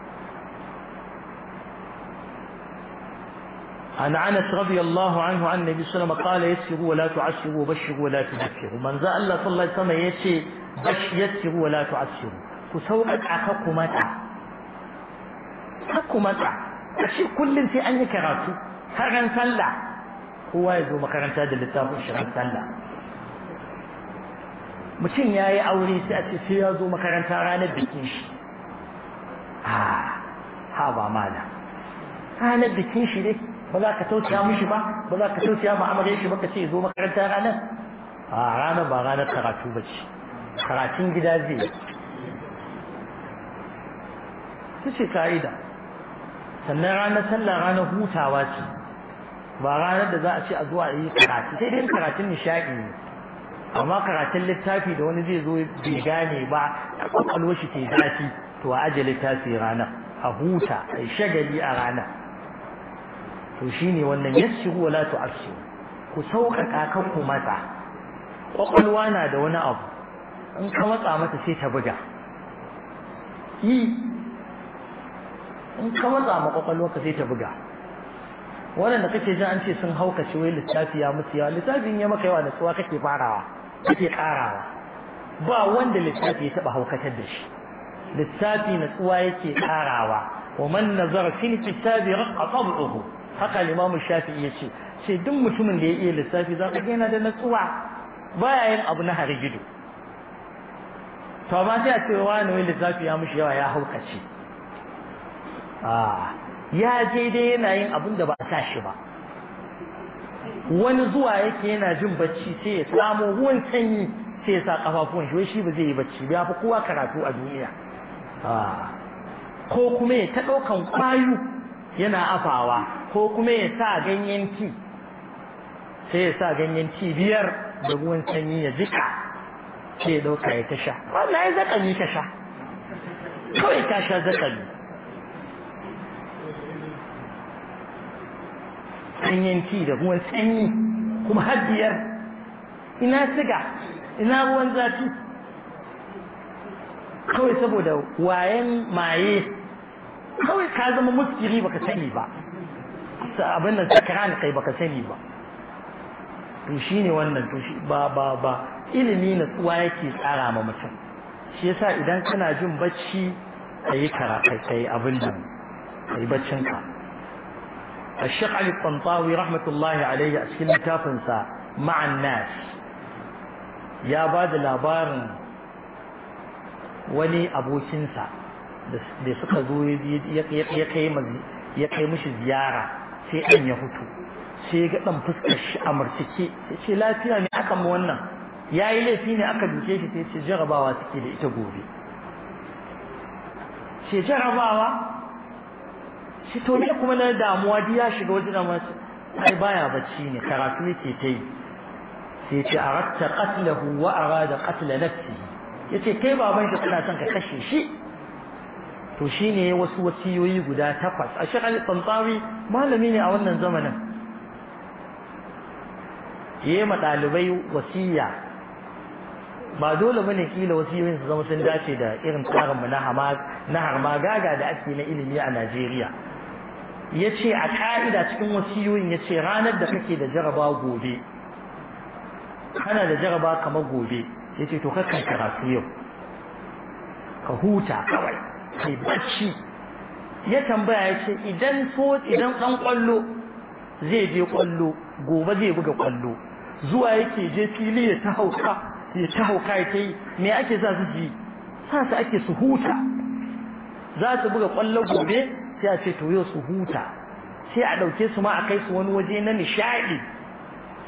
عن عنس رضي الله عنه عن النبي صلى الله عليه وسلم قال يسروا ولا تعسروا وبشروا ولا تذكروا من ذا الله صلى الله عليه وسلم يسر بش يسر ولا تعسروا كسوقك أكاكو متع أكاكو متع أشي كل في أن كراتو كرن سلع هو يزو مكرن هذا اللي تابو شرن سلع mutum ya yi aure sai a ce sai ya zo ها ranar bikin shi ha ba ba za ka tausaya mishi ba ba za ka tausaya ma amare shi ba ka ce zo makaranta ranar a ranar ba ranar karatu ba ce karatun gida zai su ce ka'ida sannan ranar sallah ranar hutawa ce ba ranar da za a ce a zuwa yi karatu sai dai karatun nishaɗi ne amma karatun littafi da wani zai zo bai gane ba a kwakwalwar shi ke zafi to a ajiye littafi ranar a huta a shagali a ranar to shine wannan yassiru wala tu'assiru ku sauƙaƙa kan ku matsa ƙwaƙwalwa na da wani abu in ka matsa mata sai ta buga yi in ka matsa ma ƙwaƙwalwa ka sai ta buga Wannan da kake ji an ce sun haukace wai littafi ya mutu yawa littafin ya maka yawa natsuwa kake farawa kake ƙarawa ba wanda littafi ya taɓa haukatar da shi littafi natsuwa yake ƙarawa wa man nazara fil kitabi raqqa tab'uhu haka Limamin shafi'i ya ce ce duk mutumin da ya iya lissafi za ka yana da natsuwa baya yin abu na harigido to amma sai a ce wani wani lissafi ya mushi yawa ya haukace ya je dai yana yin abin da ba a sa shi ba wani zuwa yake yana jin bacci sai ya samo ruwan sanyi sai ya sa kafafuwan shi wai shi ba zai yi bacci ba fi kowa karatu a duniya ko kuma ya ta ɗaukan ƙwayo yana afawa ko kuma ya sa ganyen ti sai ya sa ganyen ti biyar da ruwan sanyi ya jika sai ya ɗauka ya tasha sha wannan ya zakani ka sha kawai ka sha zakani ganyen ti da ruwan sanyi kuma har biyar ina siga ina ruwan zafi kawai saboda wayan maye kawai ka zama muskiri baka sani ba abin nan sakara ne kai baka sani ba to shine wannan to shi ba ba ba ilimi na tsuwa yake tsara ma mutum shi yasa idan kana jin bacci kai kara kai kai abin da kai baccin ka الشيخ علي الطنطاوي رحمة الله عليه أسكن كافنسا مع الناس يا بعد labarin wani abokinsa da suka zo ya kai mishi ziyara sai ɗan ya hutu sai ga ɗan fuskar shi a martike ya ce lafiya ne aka mu wannan ya yi laifi ne aka duke shi sai ce jarabawa suke da ita gobe ce jarabawa shi to ne kuma na damuwa ya shiga wajen da masu ai baya bacci ne karatu yake ta yi sai ce a ratta qatlahu wa arada qatla ya yace kai baban shi kana son ka kashe shi to shine wasu wasiyoyi guda takwas a shi Ali malami ne a wannan zamanin yayi ma dalibai wasiya ba dole bane kila wasiyoyin su zama sun dace da irin tsarin mu na harma gaga da ake na ilimi a Najeriya Ya ce a ka'ida cikin wasiyoyin ya ce ranar da kake da jaraba gobe kana da jaraba kamar gobe yace to kakan karatu yau ka huta kawai kai bacci ya tambaya ya ce idan so idan dan kwallo zai je kwallo gobe zai buga kwallo zuwa yake je fili ya ta hauka ya ta hauka ya ta yi me ake za su ji sa su ake su huta za su buga kwallo gobe sai a ce to yau su huta sai a ɗauke su ma a kai su wani waje na nishaɗi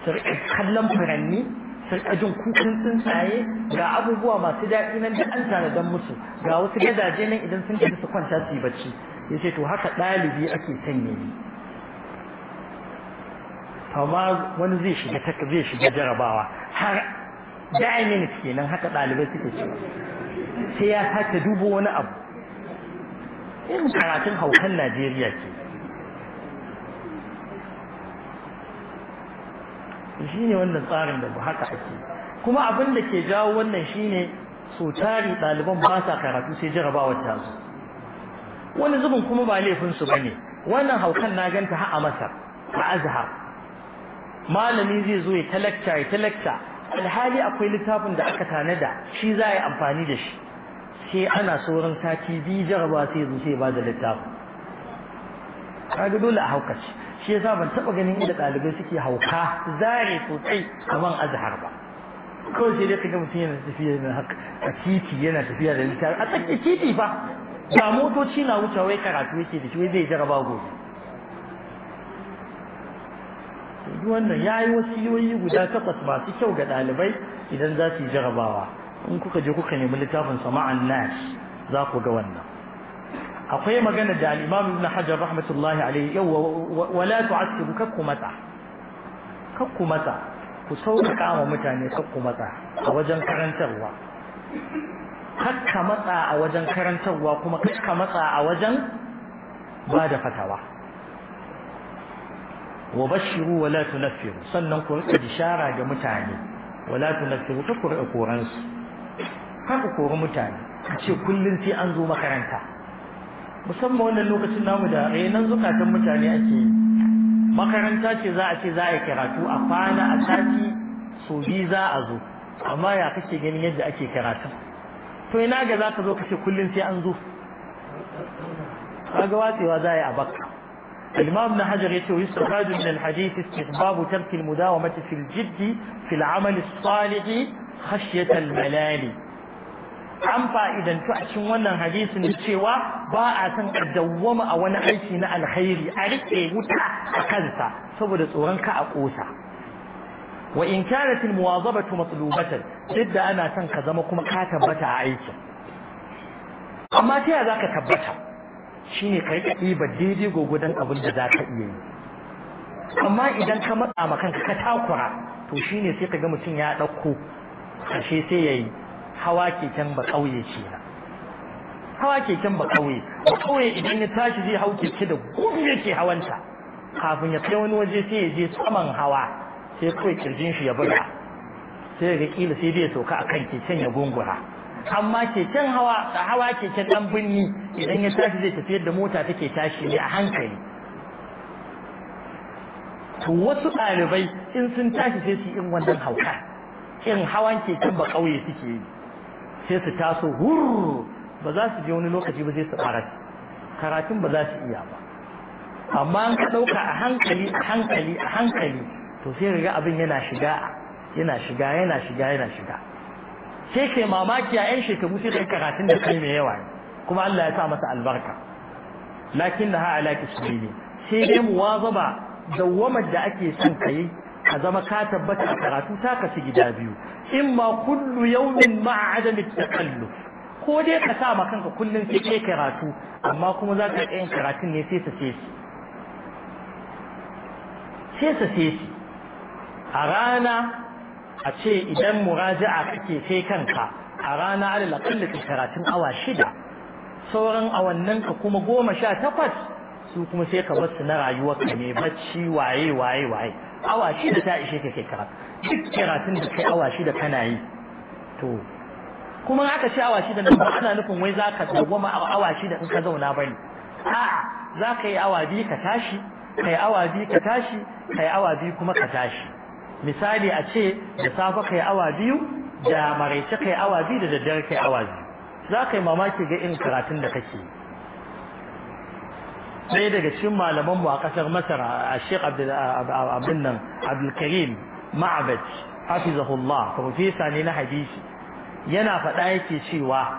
su kallon furanni sun ajin kukan tsuntsaye ga abubuwa masu daɗi nan da an don musu ga wasu gadaje nan idan sun gaji su kwanta su yi bacci ya ce to haka ɗalibi ake sanya ni amma wani zai shiga zai shiga jarabawa har cike nan haka ɗalibai suke cewa sai ya sake dubo wani abu irin karatun haukan najeriya ke shi ne wannan tsarin da ba haka ake kuma abin da ke jawo wannan shi ne so tari ɗaliban ba sa karatu sai jarabawar ta su wani zubin kuma ba laifinsu ba ne wannan haukan na ganta ha a masar a azhar malami zai zo ya talakta ya talakta alhali akwai littafin da aka tanada shi za a yi amfani da shi sai ana sauran sati biyu jarabawa sai zo sai ba da littafin kaga dole a haukace shi yasa ban taba ganin inda ɗalibai suke hauka zare sosai kaman azhar ba kawai sai dai kaga mutum yana tafiya yana haka a titi yana tafiya da litar a tsakiyar titi fa ga motoci na wuce wai karatu yake da shi wai zai jaraba gobe wannan ya yi yoyi guda takwas masu kyau ga ɗalibai idan za su yi jarabawa in kuka je kuka nemi littafin sama'an nash za ku ga wannan akwai magana da al-Imam Ibn Hajar rahmatullahi alayhi yau wala tu'assibu kakku mata kakku mata ku sauƙaƙa wa mutane kakku mata a wajen karantarwa kakka matsa a wajen karantarwa kuma kakka matsa a wajen ba da fatawa wa bashiru wala tunaffiru sannan ku rika bishara ga mutane wala tunaffiru kakku rika koransu kakku kori mutane a ce kullum sai an zo makaranta musamman wannan lokacin namu da renan zukatan mutane ake makaranta ce za a ce za a karatu a kwana a sati so bi za a zo amma ya kake ganin yadda ake karatu to ina ga za ka zo kace kullun sai an zo kaga watsewa za yi a bakka الإمام ابن حجر يقول يستفاد من الحديث استحباب ترك المداومة في الجد في العمل الصالح خشية الملال an fa'idantu a cikin wannan hadisin da cewa ba a san a dawwama a wani aiki na alkhairi a riƙe wuta a kansa saboda tsoron ka a ƙosa wa in kanat al muwazabatu matlubatan duk da ana son ka zama kuma ka tabbata a aikin amma ta yaya zaka tabbata ne ka riƙa ɗiba daidai gwagwadon abin da iya yi amma idan ka matsa ma kanka ka takura to shine sai ka ga mutum ya ɗauko ƙarshe sai ya yi hawa keken ba ƙauye ce na hawa keken ba ƙauye ba ƙauye idan ya tashi zai hau keke da gudu yake hawanta kafin ya kai wani waje sai ya je saman hawa sai kawai kirjin shi ya buga sai ga kila sai dai sauka a kan keken ya gungura amma keken hawa da hawa keken ɗan birni idan ya tashi zai tafi yadda mota take tashi ne a hankali to wasu ɗalibai in sun tashi sai su in wannan hauka in hawan keken ba ƙauye suke yi sai su taso hurr ba za su je wani lokaci ba zai su fara karatun ba za su iya ba amma an ka ɗauka a hankali a hankali a hankali to sai riga abin yana shiga yana shiga yana shiga yana shiga sai mamaki a yan shekaru sai da karatun da kai mai yawa kuma Allah ya sa masa albarka lakin na ha su kisbili sai dai muwazaba dawwamar da ake son kai ka zama ka tabbata a karatu ta kasu gida biyu in ma kullu yawmin ma'a adami kallu, ko dai ka sa ma kanka kullum sai kai karatu amma kuma za ka yin karatun ne sai sa sai sai sa sai a rana a ce idan muraja'a kake kai kanka a rana alal aqall ka karatun awa shida sauran awannan ka kuma goma sha takwas su kuma sai ka bar su na rayuwarka ne bacci waye waye waye awa shida ta ishe ka kai karatu duk karatun da kai awa shida kana yi to kuma aka ce awa shida nan ba ana nufin wai za ka dawwama awa shida in ka zauna bane a'a za ka yi awa biyu ka tashi kai awa biyu ka tashi kai awa biyu kuma ka tashi misali a ce da safe kai awa biyu da maraice kai awa biyu da daddare kai awa biyu za ka yi mamaki ga irin karatun da kake yi ɗaya daga cikin malamanmu a ƙasar masar a sheikh abin nan abdulkarim ma'abad hafizahullah profesa ne na hadisi yana faɗa yake cewa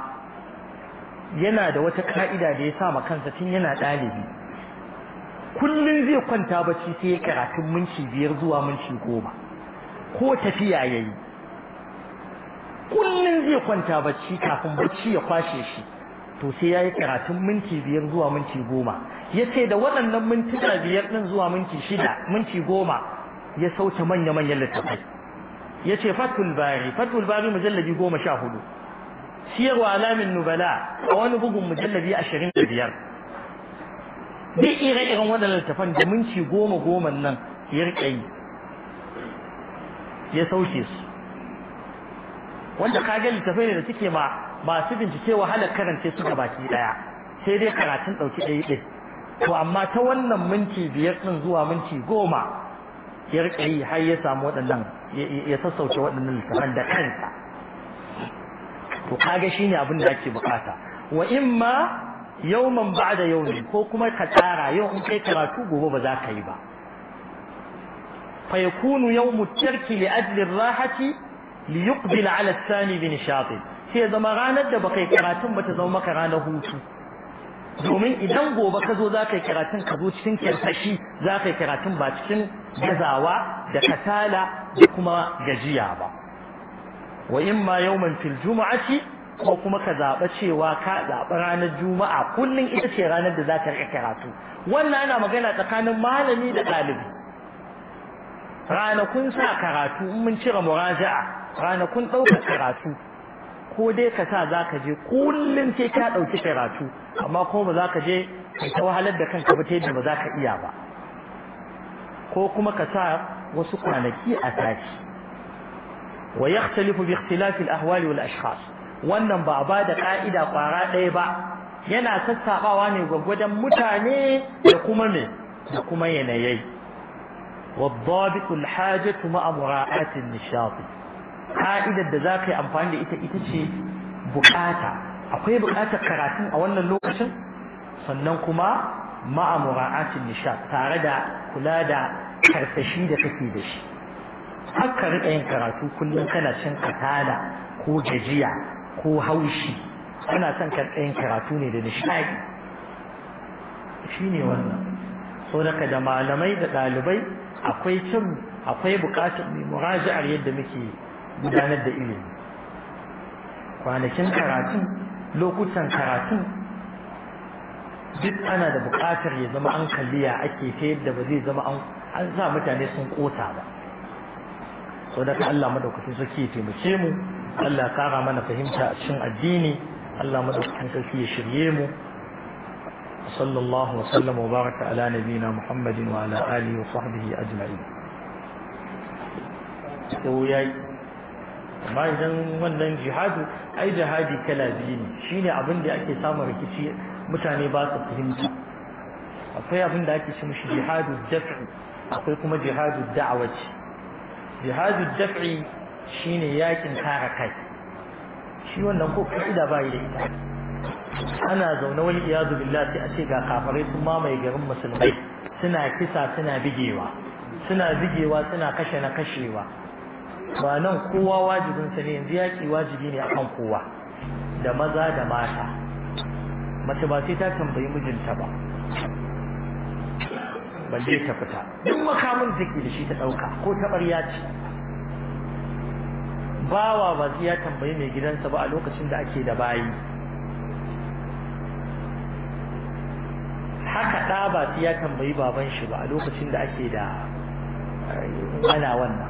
yana da wata ka'ida da ya sa ma kansa tun yana ɗalibi kullum zai kwanta bacci sai ya karatun minci biyar zuwa minci goma ko tafiya ya yi kullum zai kwanta bacci kafin bacci ya kwashe shi to sai ya yi karatun minti biyar zuwa minti goma Ya ce da waɗannan mintuna biyar ɗin zuwa minti shida minti goma ya sauta manya-manyan littafai ce fatul bari fatul bari mujallabi goma sha hudu siyarwa alamin nubala a wani bugun mujallabi ashirin da biyar duk ire-iren waɗannan littafan da minti goma goma nan ya riƙe yi ya sauke su wanda kaga littafai ne da suke ma masu bincike wahalar karance su baki ɗaya sai dai karatun ɗauki ɗaya ɗaya to amma ta wannan minti biyar ɗin zuwa minti goma ya riƙe yi har ya samu waɗannan ya sassauce waɗannan littafan da kansa to kaga shine abin da ake bukata wa ma yawman ba'da yawmin ko kuma ka tsara yau in kai karatu gobe ba za ka yi ba fa yakunu yawmu tarki li ajli rahati li yuqbil ala thani bi nishati sai zama ranar da ba kai karatun ba ta zama maka ranar hutu domin idan gobe ka zo za ka yi karatun ka zo cikin kyarfashi za ka yi karatun ba cikin gazawa da kasala da kuma gajiya ba wa in ma yawman fil juma'ati ko kuma ka zaɓa cewa ka zaɓi ranar juma'a kullum ita ce ranar da za ka riƙa karatu wannan ana magana tsakanin malami da ɗalibi ranakun sa karatu in mun cire muraja'a ranakun ɗaukar karatu ko dai ka sa za ka je kullum sai ka ɗauki karatu amma kuma ba za ka je ka ta wahalar da kanka ba ta yadda ba za ka iya ba ko kuma ka sa wasu kwanaki a tashi wa yakhtalifu bi ikhtilafi al-ahwali wal ashkhas wannan ba a ba da ka'ida kwara ɗaya ba yana sassabawa ne gwagwajen mutane da kuma me da kuma yanayi والضابط الحاجة مع mura'atin النشاط ka'idar da za ka yi amfani da ita ita ce bukata akwai bukatar karatun a wannan lokacin sannan kuma ma'a mura'atin nisha tare da kula da karsashi da kake da shi haka rika yin karatu kullum kana cin katana ko gajiya ko haushi kana son ka yin karatu ne da nishadi ne wannan so daga da malamai da ɗalibai akwai cin akwai bukatar muraji'ar yadda muke gudanar da ilimi kwanakin karatun lokutan karatun duk ana da buƙatar ya zama an kalliya ake ta yadda ba zai zama an sa mutane sun ƙota ba sau daga Allah madaukakin sarki taimake mu Allah kara mana fahimta a cikin addini Allah madaukakin sarki ya shirye mu صلى الله وسلم وبارك على نبينا محمد وعلى وصحبه amma idan wannan jihadu ai jihadi kala biyu ne shine abin da ake samun rikici mutane ba su fahimta akwai abin da ake mishi jihadu daf'i akwai kuma jihadu da'awaci jihadu daf'i shine yakin kare kai shi wannan ko fa'ida ba yi da ita ana zaune wani iyazu billahi a ce ga kafirai sun mamaye garin musulmai suna kisa suna bigewa suna bigewa suna kashe na kashewa ba nan kowa wajibinsa ne yanzu yaƙi wajibi ne akan kowa da maza da mata mace ba sai ta tambayi mijinta ba balle ta fita duk makamin take da shi ta ɗauka ko ta ɓarya ce bawa ba zai ya tambayi mai gidansa ba a lokacin da ake da bayi haka ɗa ba sai ya tambayi baban shi ba a lokacin da ake da eh, ana wannan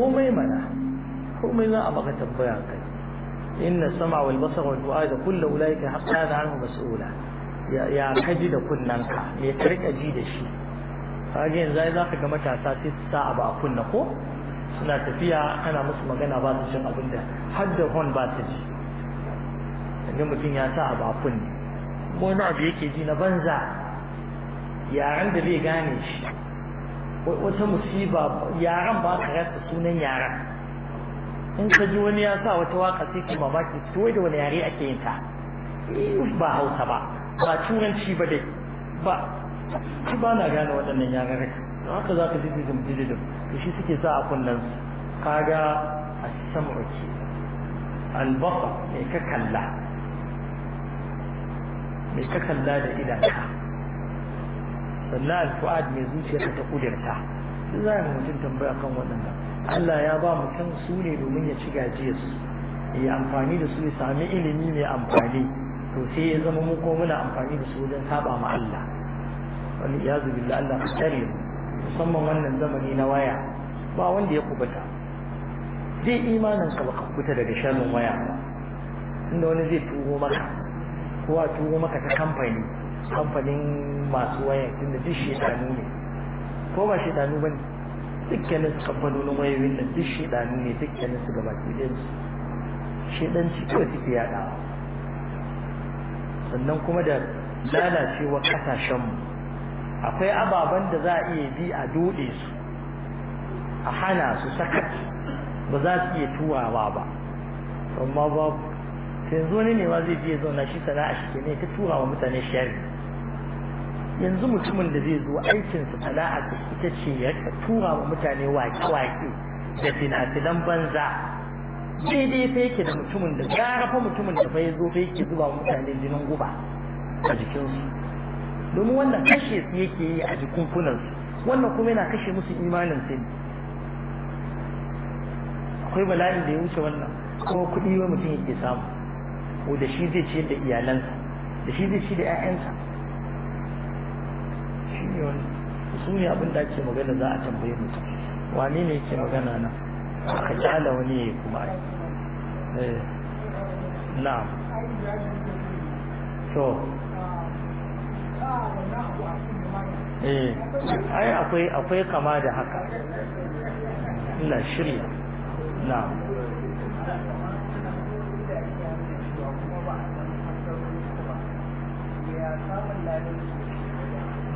komai mana komai za a maka tambaya kai inna sama wal basar wal fu'ada kullu ulaika haqqan anhu mas'ula ya kaji da kunnanka me ka rika ji da shi kage yanzu ai zaka ga matasa sai su sa abu a kunna ko suna tafiya ana musu magana ba su cin abin da har da hon ba su ji yanzu mutum ya sa abu a kunna wani abu yake ji na banza yaren da zai gane shi wata musiba yaran ba ka rasa sunan yaran in ka ji wani ya sa wata waka sai ki mamaki to wai da wani yare ake yin ta eh, ba hausa ba ba turanci ba dai ba shi ba na gane waɗannan yaran da haka za ka ji didim didim to shi suke sa a kunnen su kaga a samu ki albasa mai ka kalla mai ka kalla da idanka sannan alfu'ad mai zuciya ta kudirta sai za mu mutum tambaya kan waɗannan Allah ya ba mutum su ne domin ya ci gajiyarsu ya amfani da su ya sami ilimi mai amfani to sai ya zama mu ko muna amfani da su wajen saba ma Allah wani ya zubi da Allah tsare musamman wannan zamani na waya ba wanda ya kubuta zai imanin ka baka kubuta daga sharrin waya inda wani zai tuho maka kowa tuho maka ta kamfani kamfanin masu wayan tunda duk shedanu ne ko ba shedanu ba ne dukkanin kamfanonin wayoyin nan duk shedanu ne dukkanin su gaba ki ɗin shedanci kawai suke yaɗawa sannan kuma da lalacewa ƙasashenmu akwai ababen da za a iya bi a dode su a hana su sakat ba za su iya turawa ba amma babu yanzu wani ne ma zai biya zauna shi sana'a shi ne ta tura wa mutane shari'a yanzu mutumin da zai zo su sana'a ita ce ya tura wa mutane waƙe-waƙe da fina-finan banza daidai fa yake da mutumin da gara fa mutumin da fa zo fa yake zuba wa mutane jinin guba a jikinsu domin wannan kashe su yake yi a jikunkunansu wannan kuma yana kashe musu imanin sai akwai bala'in da ya wuce wannan kuma kuɗi wa mutum yake samu ko da shi zai ce da iyalansa da shi zai ci da 'ya'yansa ne wani su ne abin da ake magana za a tambaye mu wani ne yake magana nan aka kyala wani ya kuma ai eh, Na so eh ai akwai akwai kama da haka ina shirya na'am Thank you.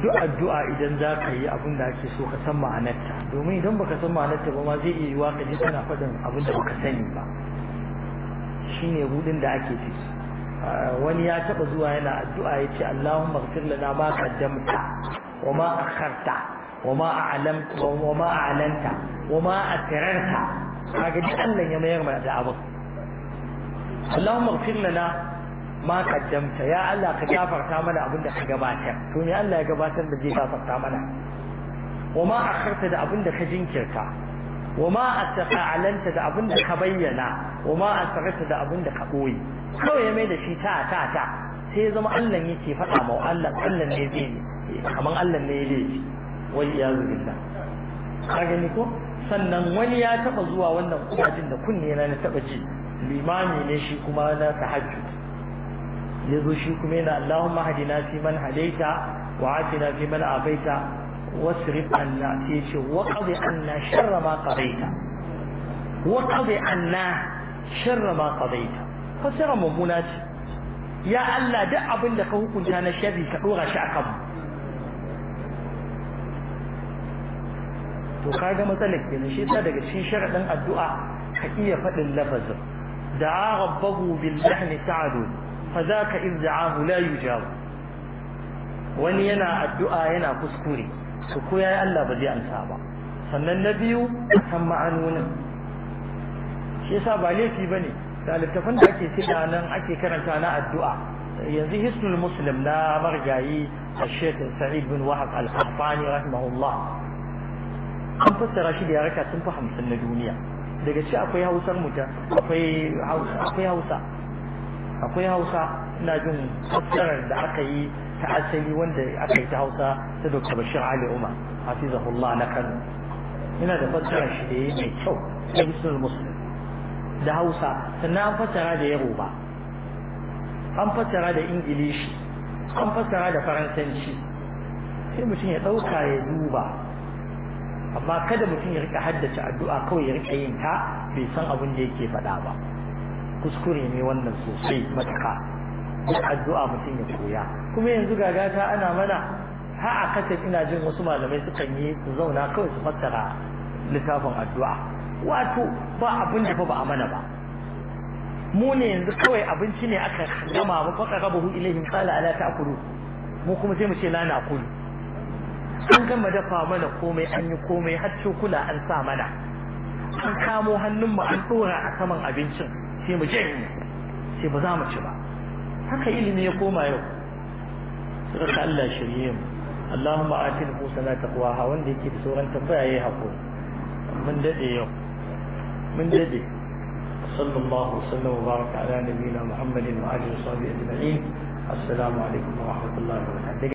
duk addu'a idan za ka yi abin da ake so ka san ma'anarta domin idan baka san ma'anarta ba ma zai iya yiwa ka ji kana faɗin abin da baka sani ba shi ne budin da ake ciki wani ya taɓa zuwa yana addu'a ya ce Allahumma ighfir lana ma qaddamta wa ma a akharta wa ma a'lamta wa ma a'lanta wa ma a asrarta kaga duk Allah ya mayar da abin Allahumma ighfir lana ma kaddamta ya Allah ka gafarta mana abin da ka gabatar to me Allah ya gabatar da zai gafarta mana wa ma akharta da abin da ka jinkirta wa ma atqa'alanta da abin da ka bayyana wa ma asrarta da abin da ka koyi kawai ya mai da shi ta ta ta sai zama Allah yake faɗa ma Allah Allah ne zai kamar Allah ne ya laifi wai ya zubillah ka gani ko sannan wani ya taba zuwa wannan kudajin da kunne na na taba ji limami ne shi kuma na tahajjud yazo shi kuma yana Allahumma hadina fi man hadaita wa atina fi man afaita wasrif anna sai ce wa qadi anna sharra ma qadaita wa qadi anna sharra ma qadaita fasara mummuna ce ya Allah duk abin da ka hukunta na sharri ka dora shi akan to kaga matsalar kenan shi ta daga cikin sharadin addu'a ka iya faɗin lafazin da rabbahu bil lahni ta'adud fa zaka izda'ahu la wani yana addu'a yana kuskure to ko yayi Allah ba zai amsa ba sannan na biyu san ma'anonin shi yasa ba laifi bane ne. littafin da ake cika nan ake karanta na addu'a yanzu hisnul muslim na marjayi الشيخ said bin وهب القحطاني رحمه الله an fassara shi da yaraka sun fi hamsin na duniya daga ci akwai hausar mutum akwai hausa akwai hausa ina jin fassarar da aka yi ta asali wanda aka yi ta hausa ta dr bashir ali umar hafizahullah na kano ina da fassarar shi da ya mai kyau ta hisnul muslim da hausa sannan an fassara da yaroba an fassara da ingilishi an fassara da faransanci sai mutum ya ɗauka ya duba amma kada mutum ya riƙa haddace addu'a kawai ya rika yin ta bai san abin da yake faɗa ba kuskure ne wannan sosai matuka da addu'a mutum ya koya kuma yanzu ga gata ana mana ha a kace ina jin wasu malamai sukan yi su zauna kawai su fassara littafin addu'a wato ba abin da fa ba a mana ba mu ne yanzu kawai abinci ne aka gama mu faka raba buhu ilaihim qala ala ta'kulu mu kuma sai mu ce la na'kulu an gama dafa mana komai an yi komai har cokula an sa mana an kamo hannun mu an dora a saman abincin sai mu je sai ba za mu ci ba haka ilimi ya koma yau suka Allah shirye mu Allahumma atil husana taqwaha wanda yake da sauran tambaya yayi hakuri mun dade yau mun dade sallallahu sallam wa baraka ala nabiyina muhammadin wa alihi wa sahbihi ajma'in assalamu alaikum wa rahmatullahi wa barakatuh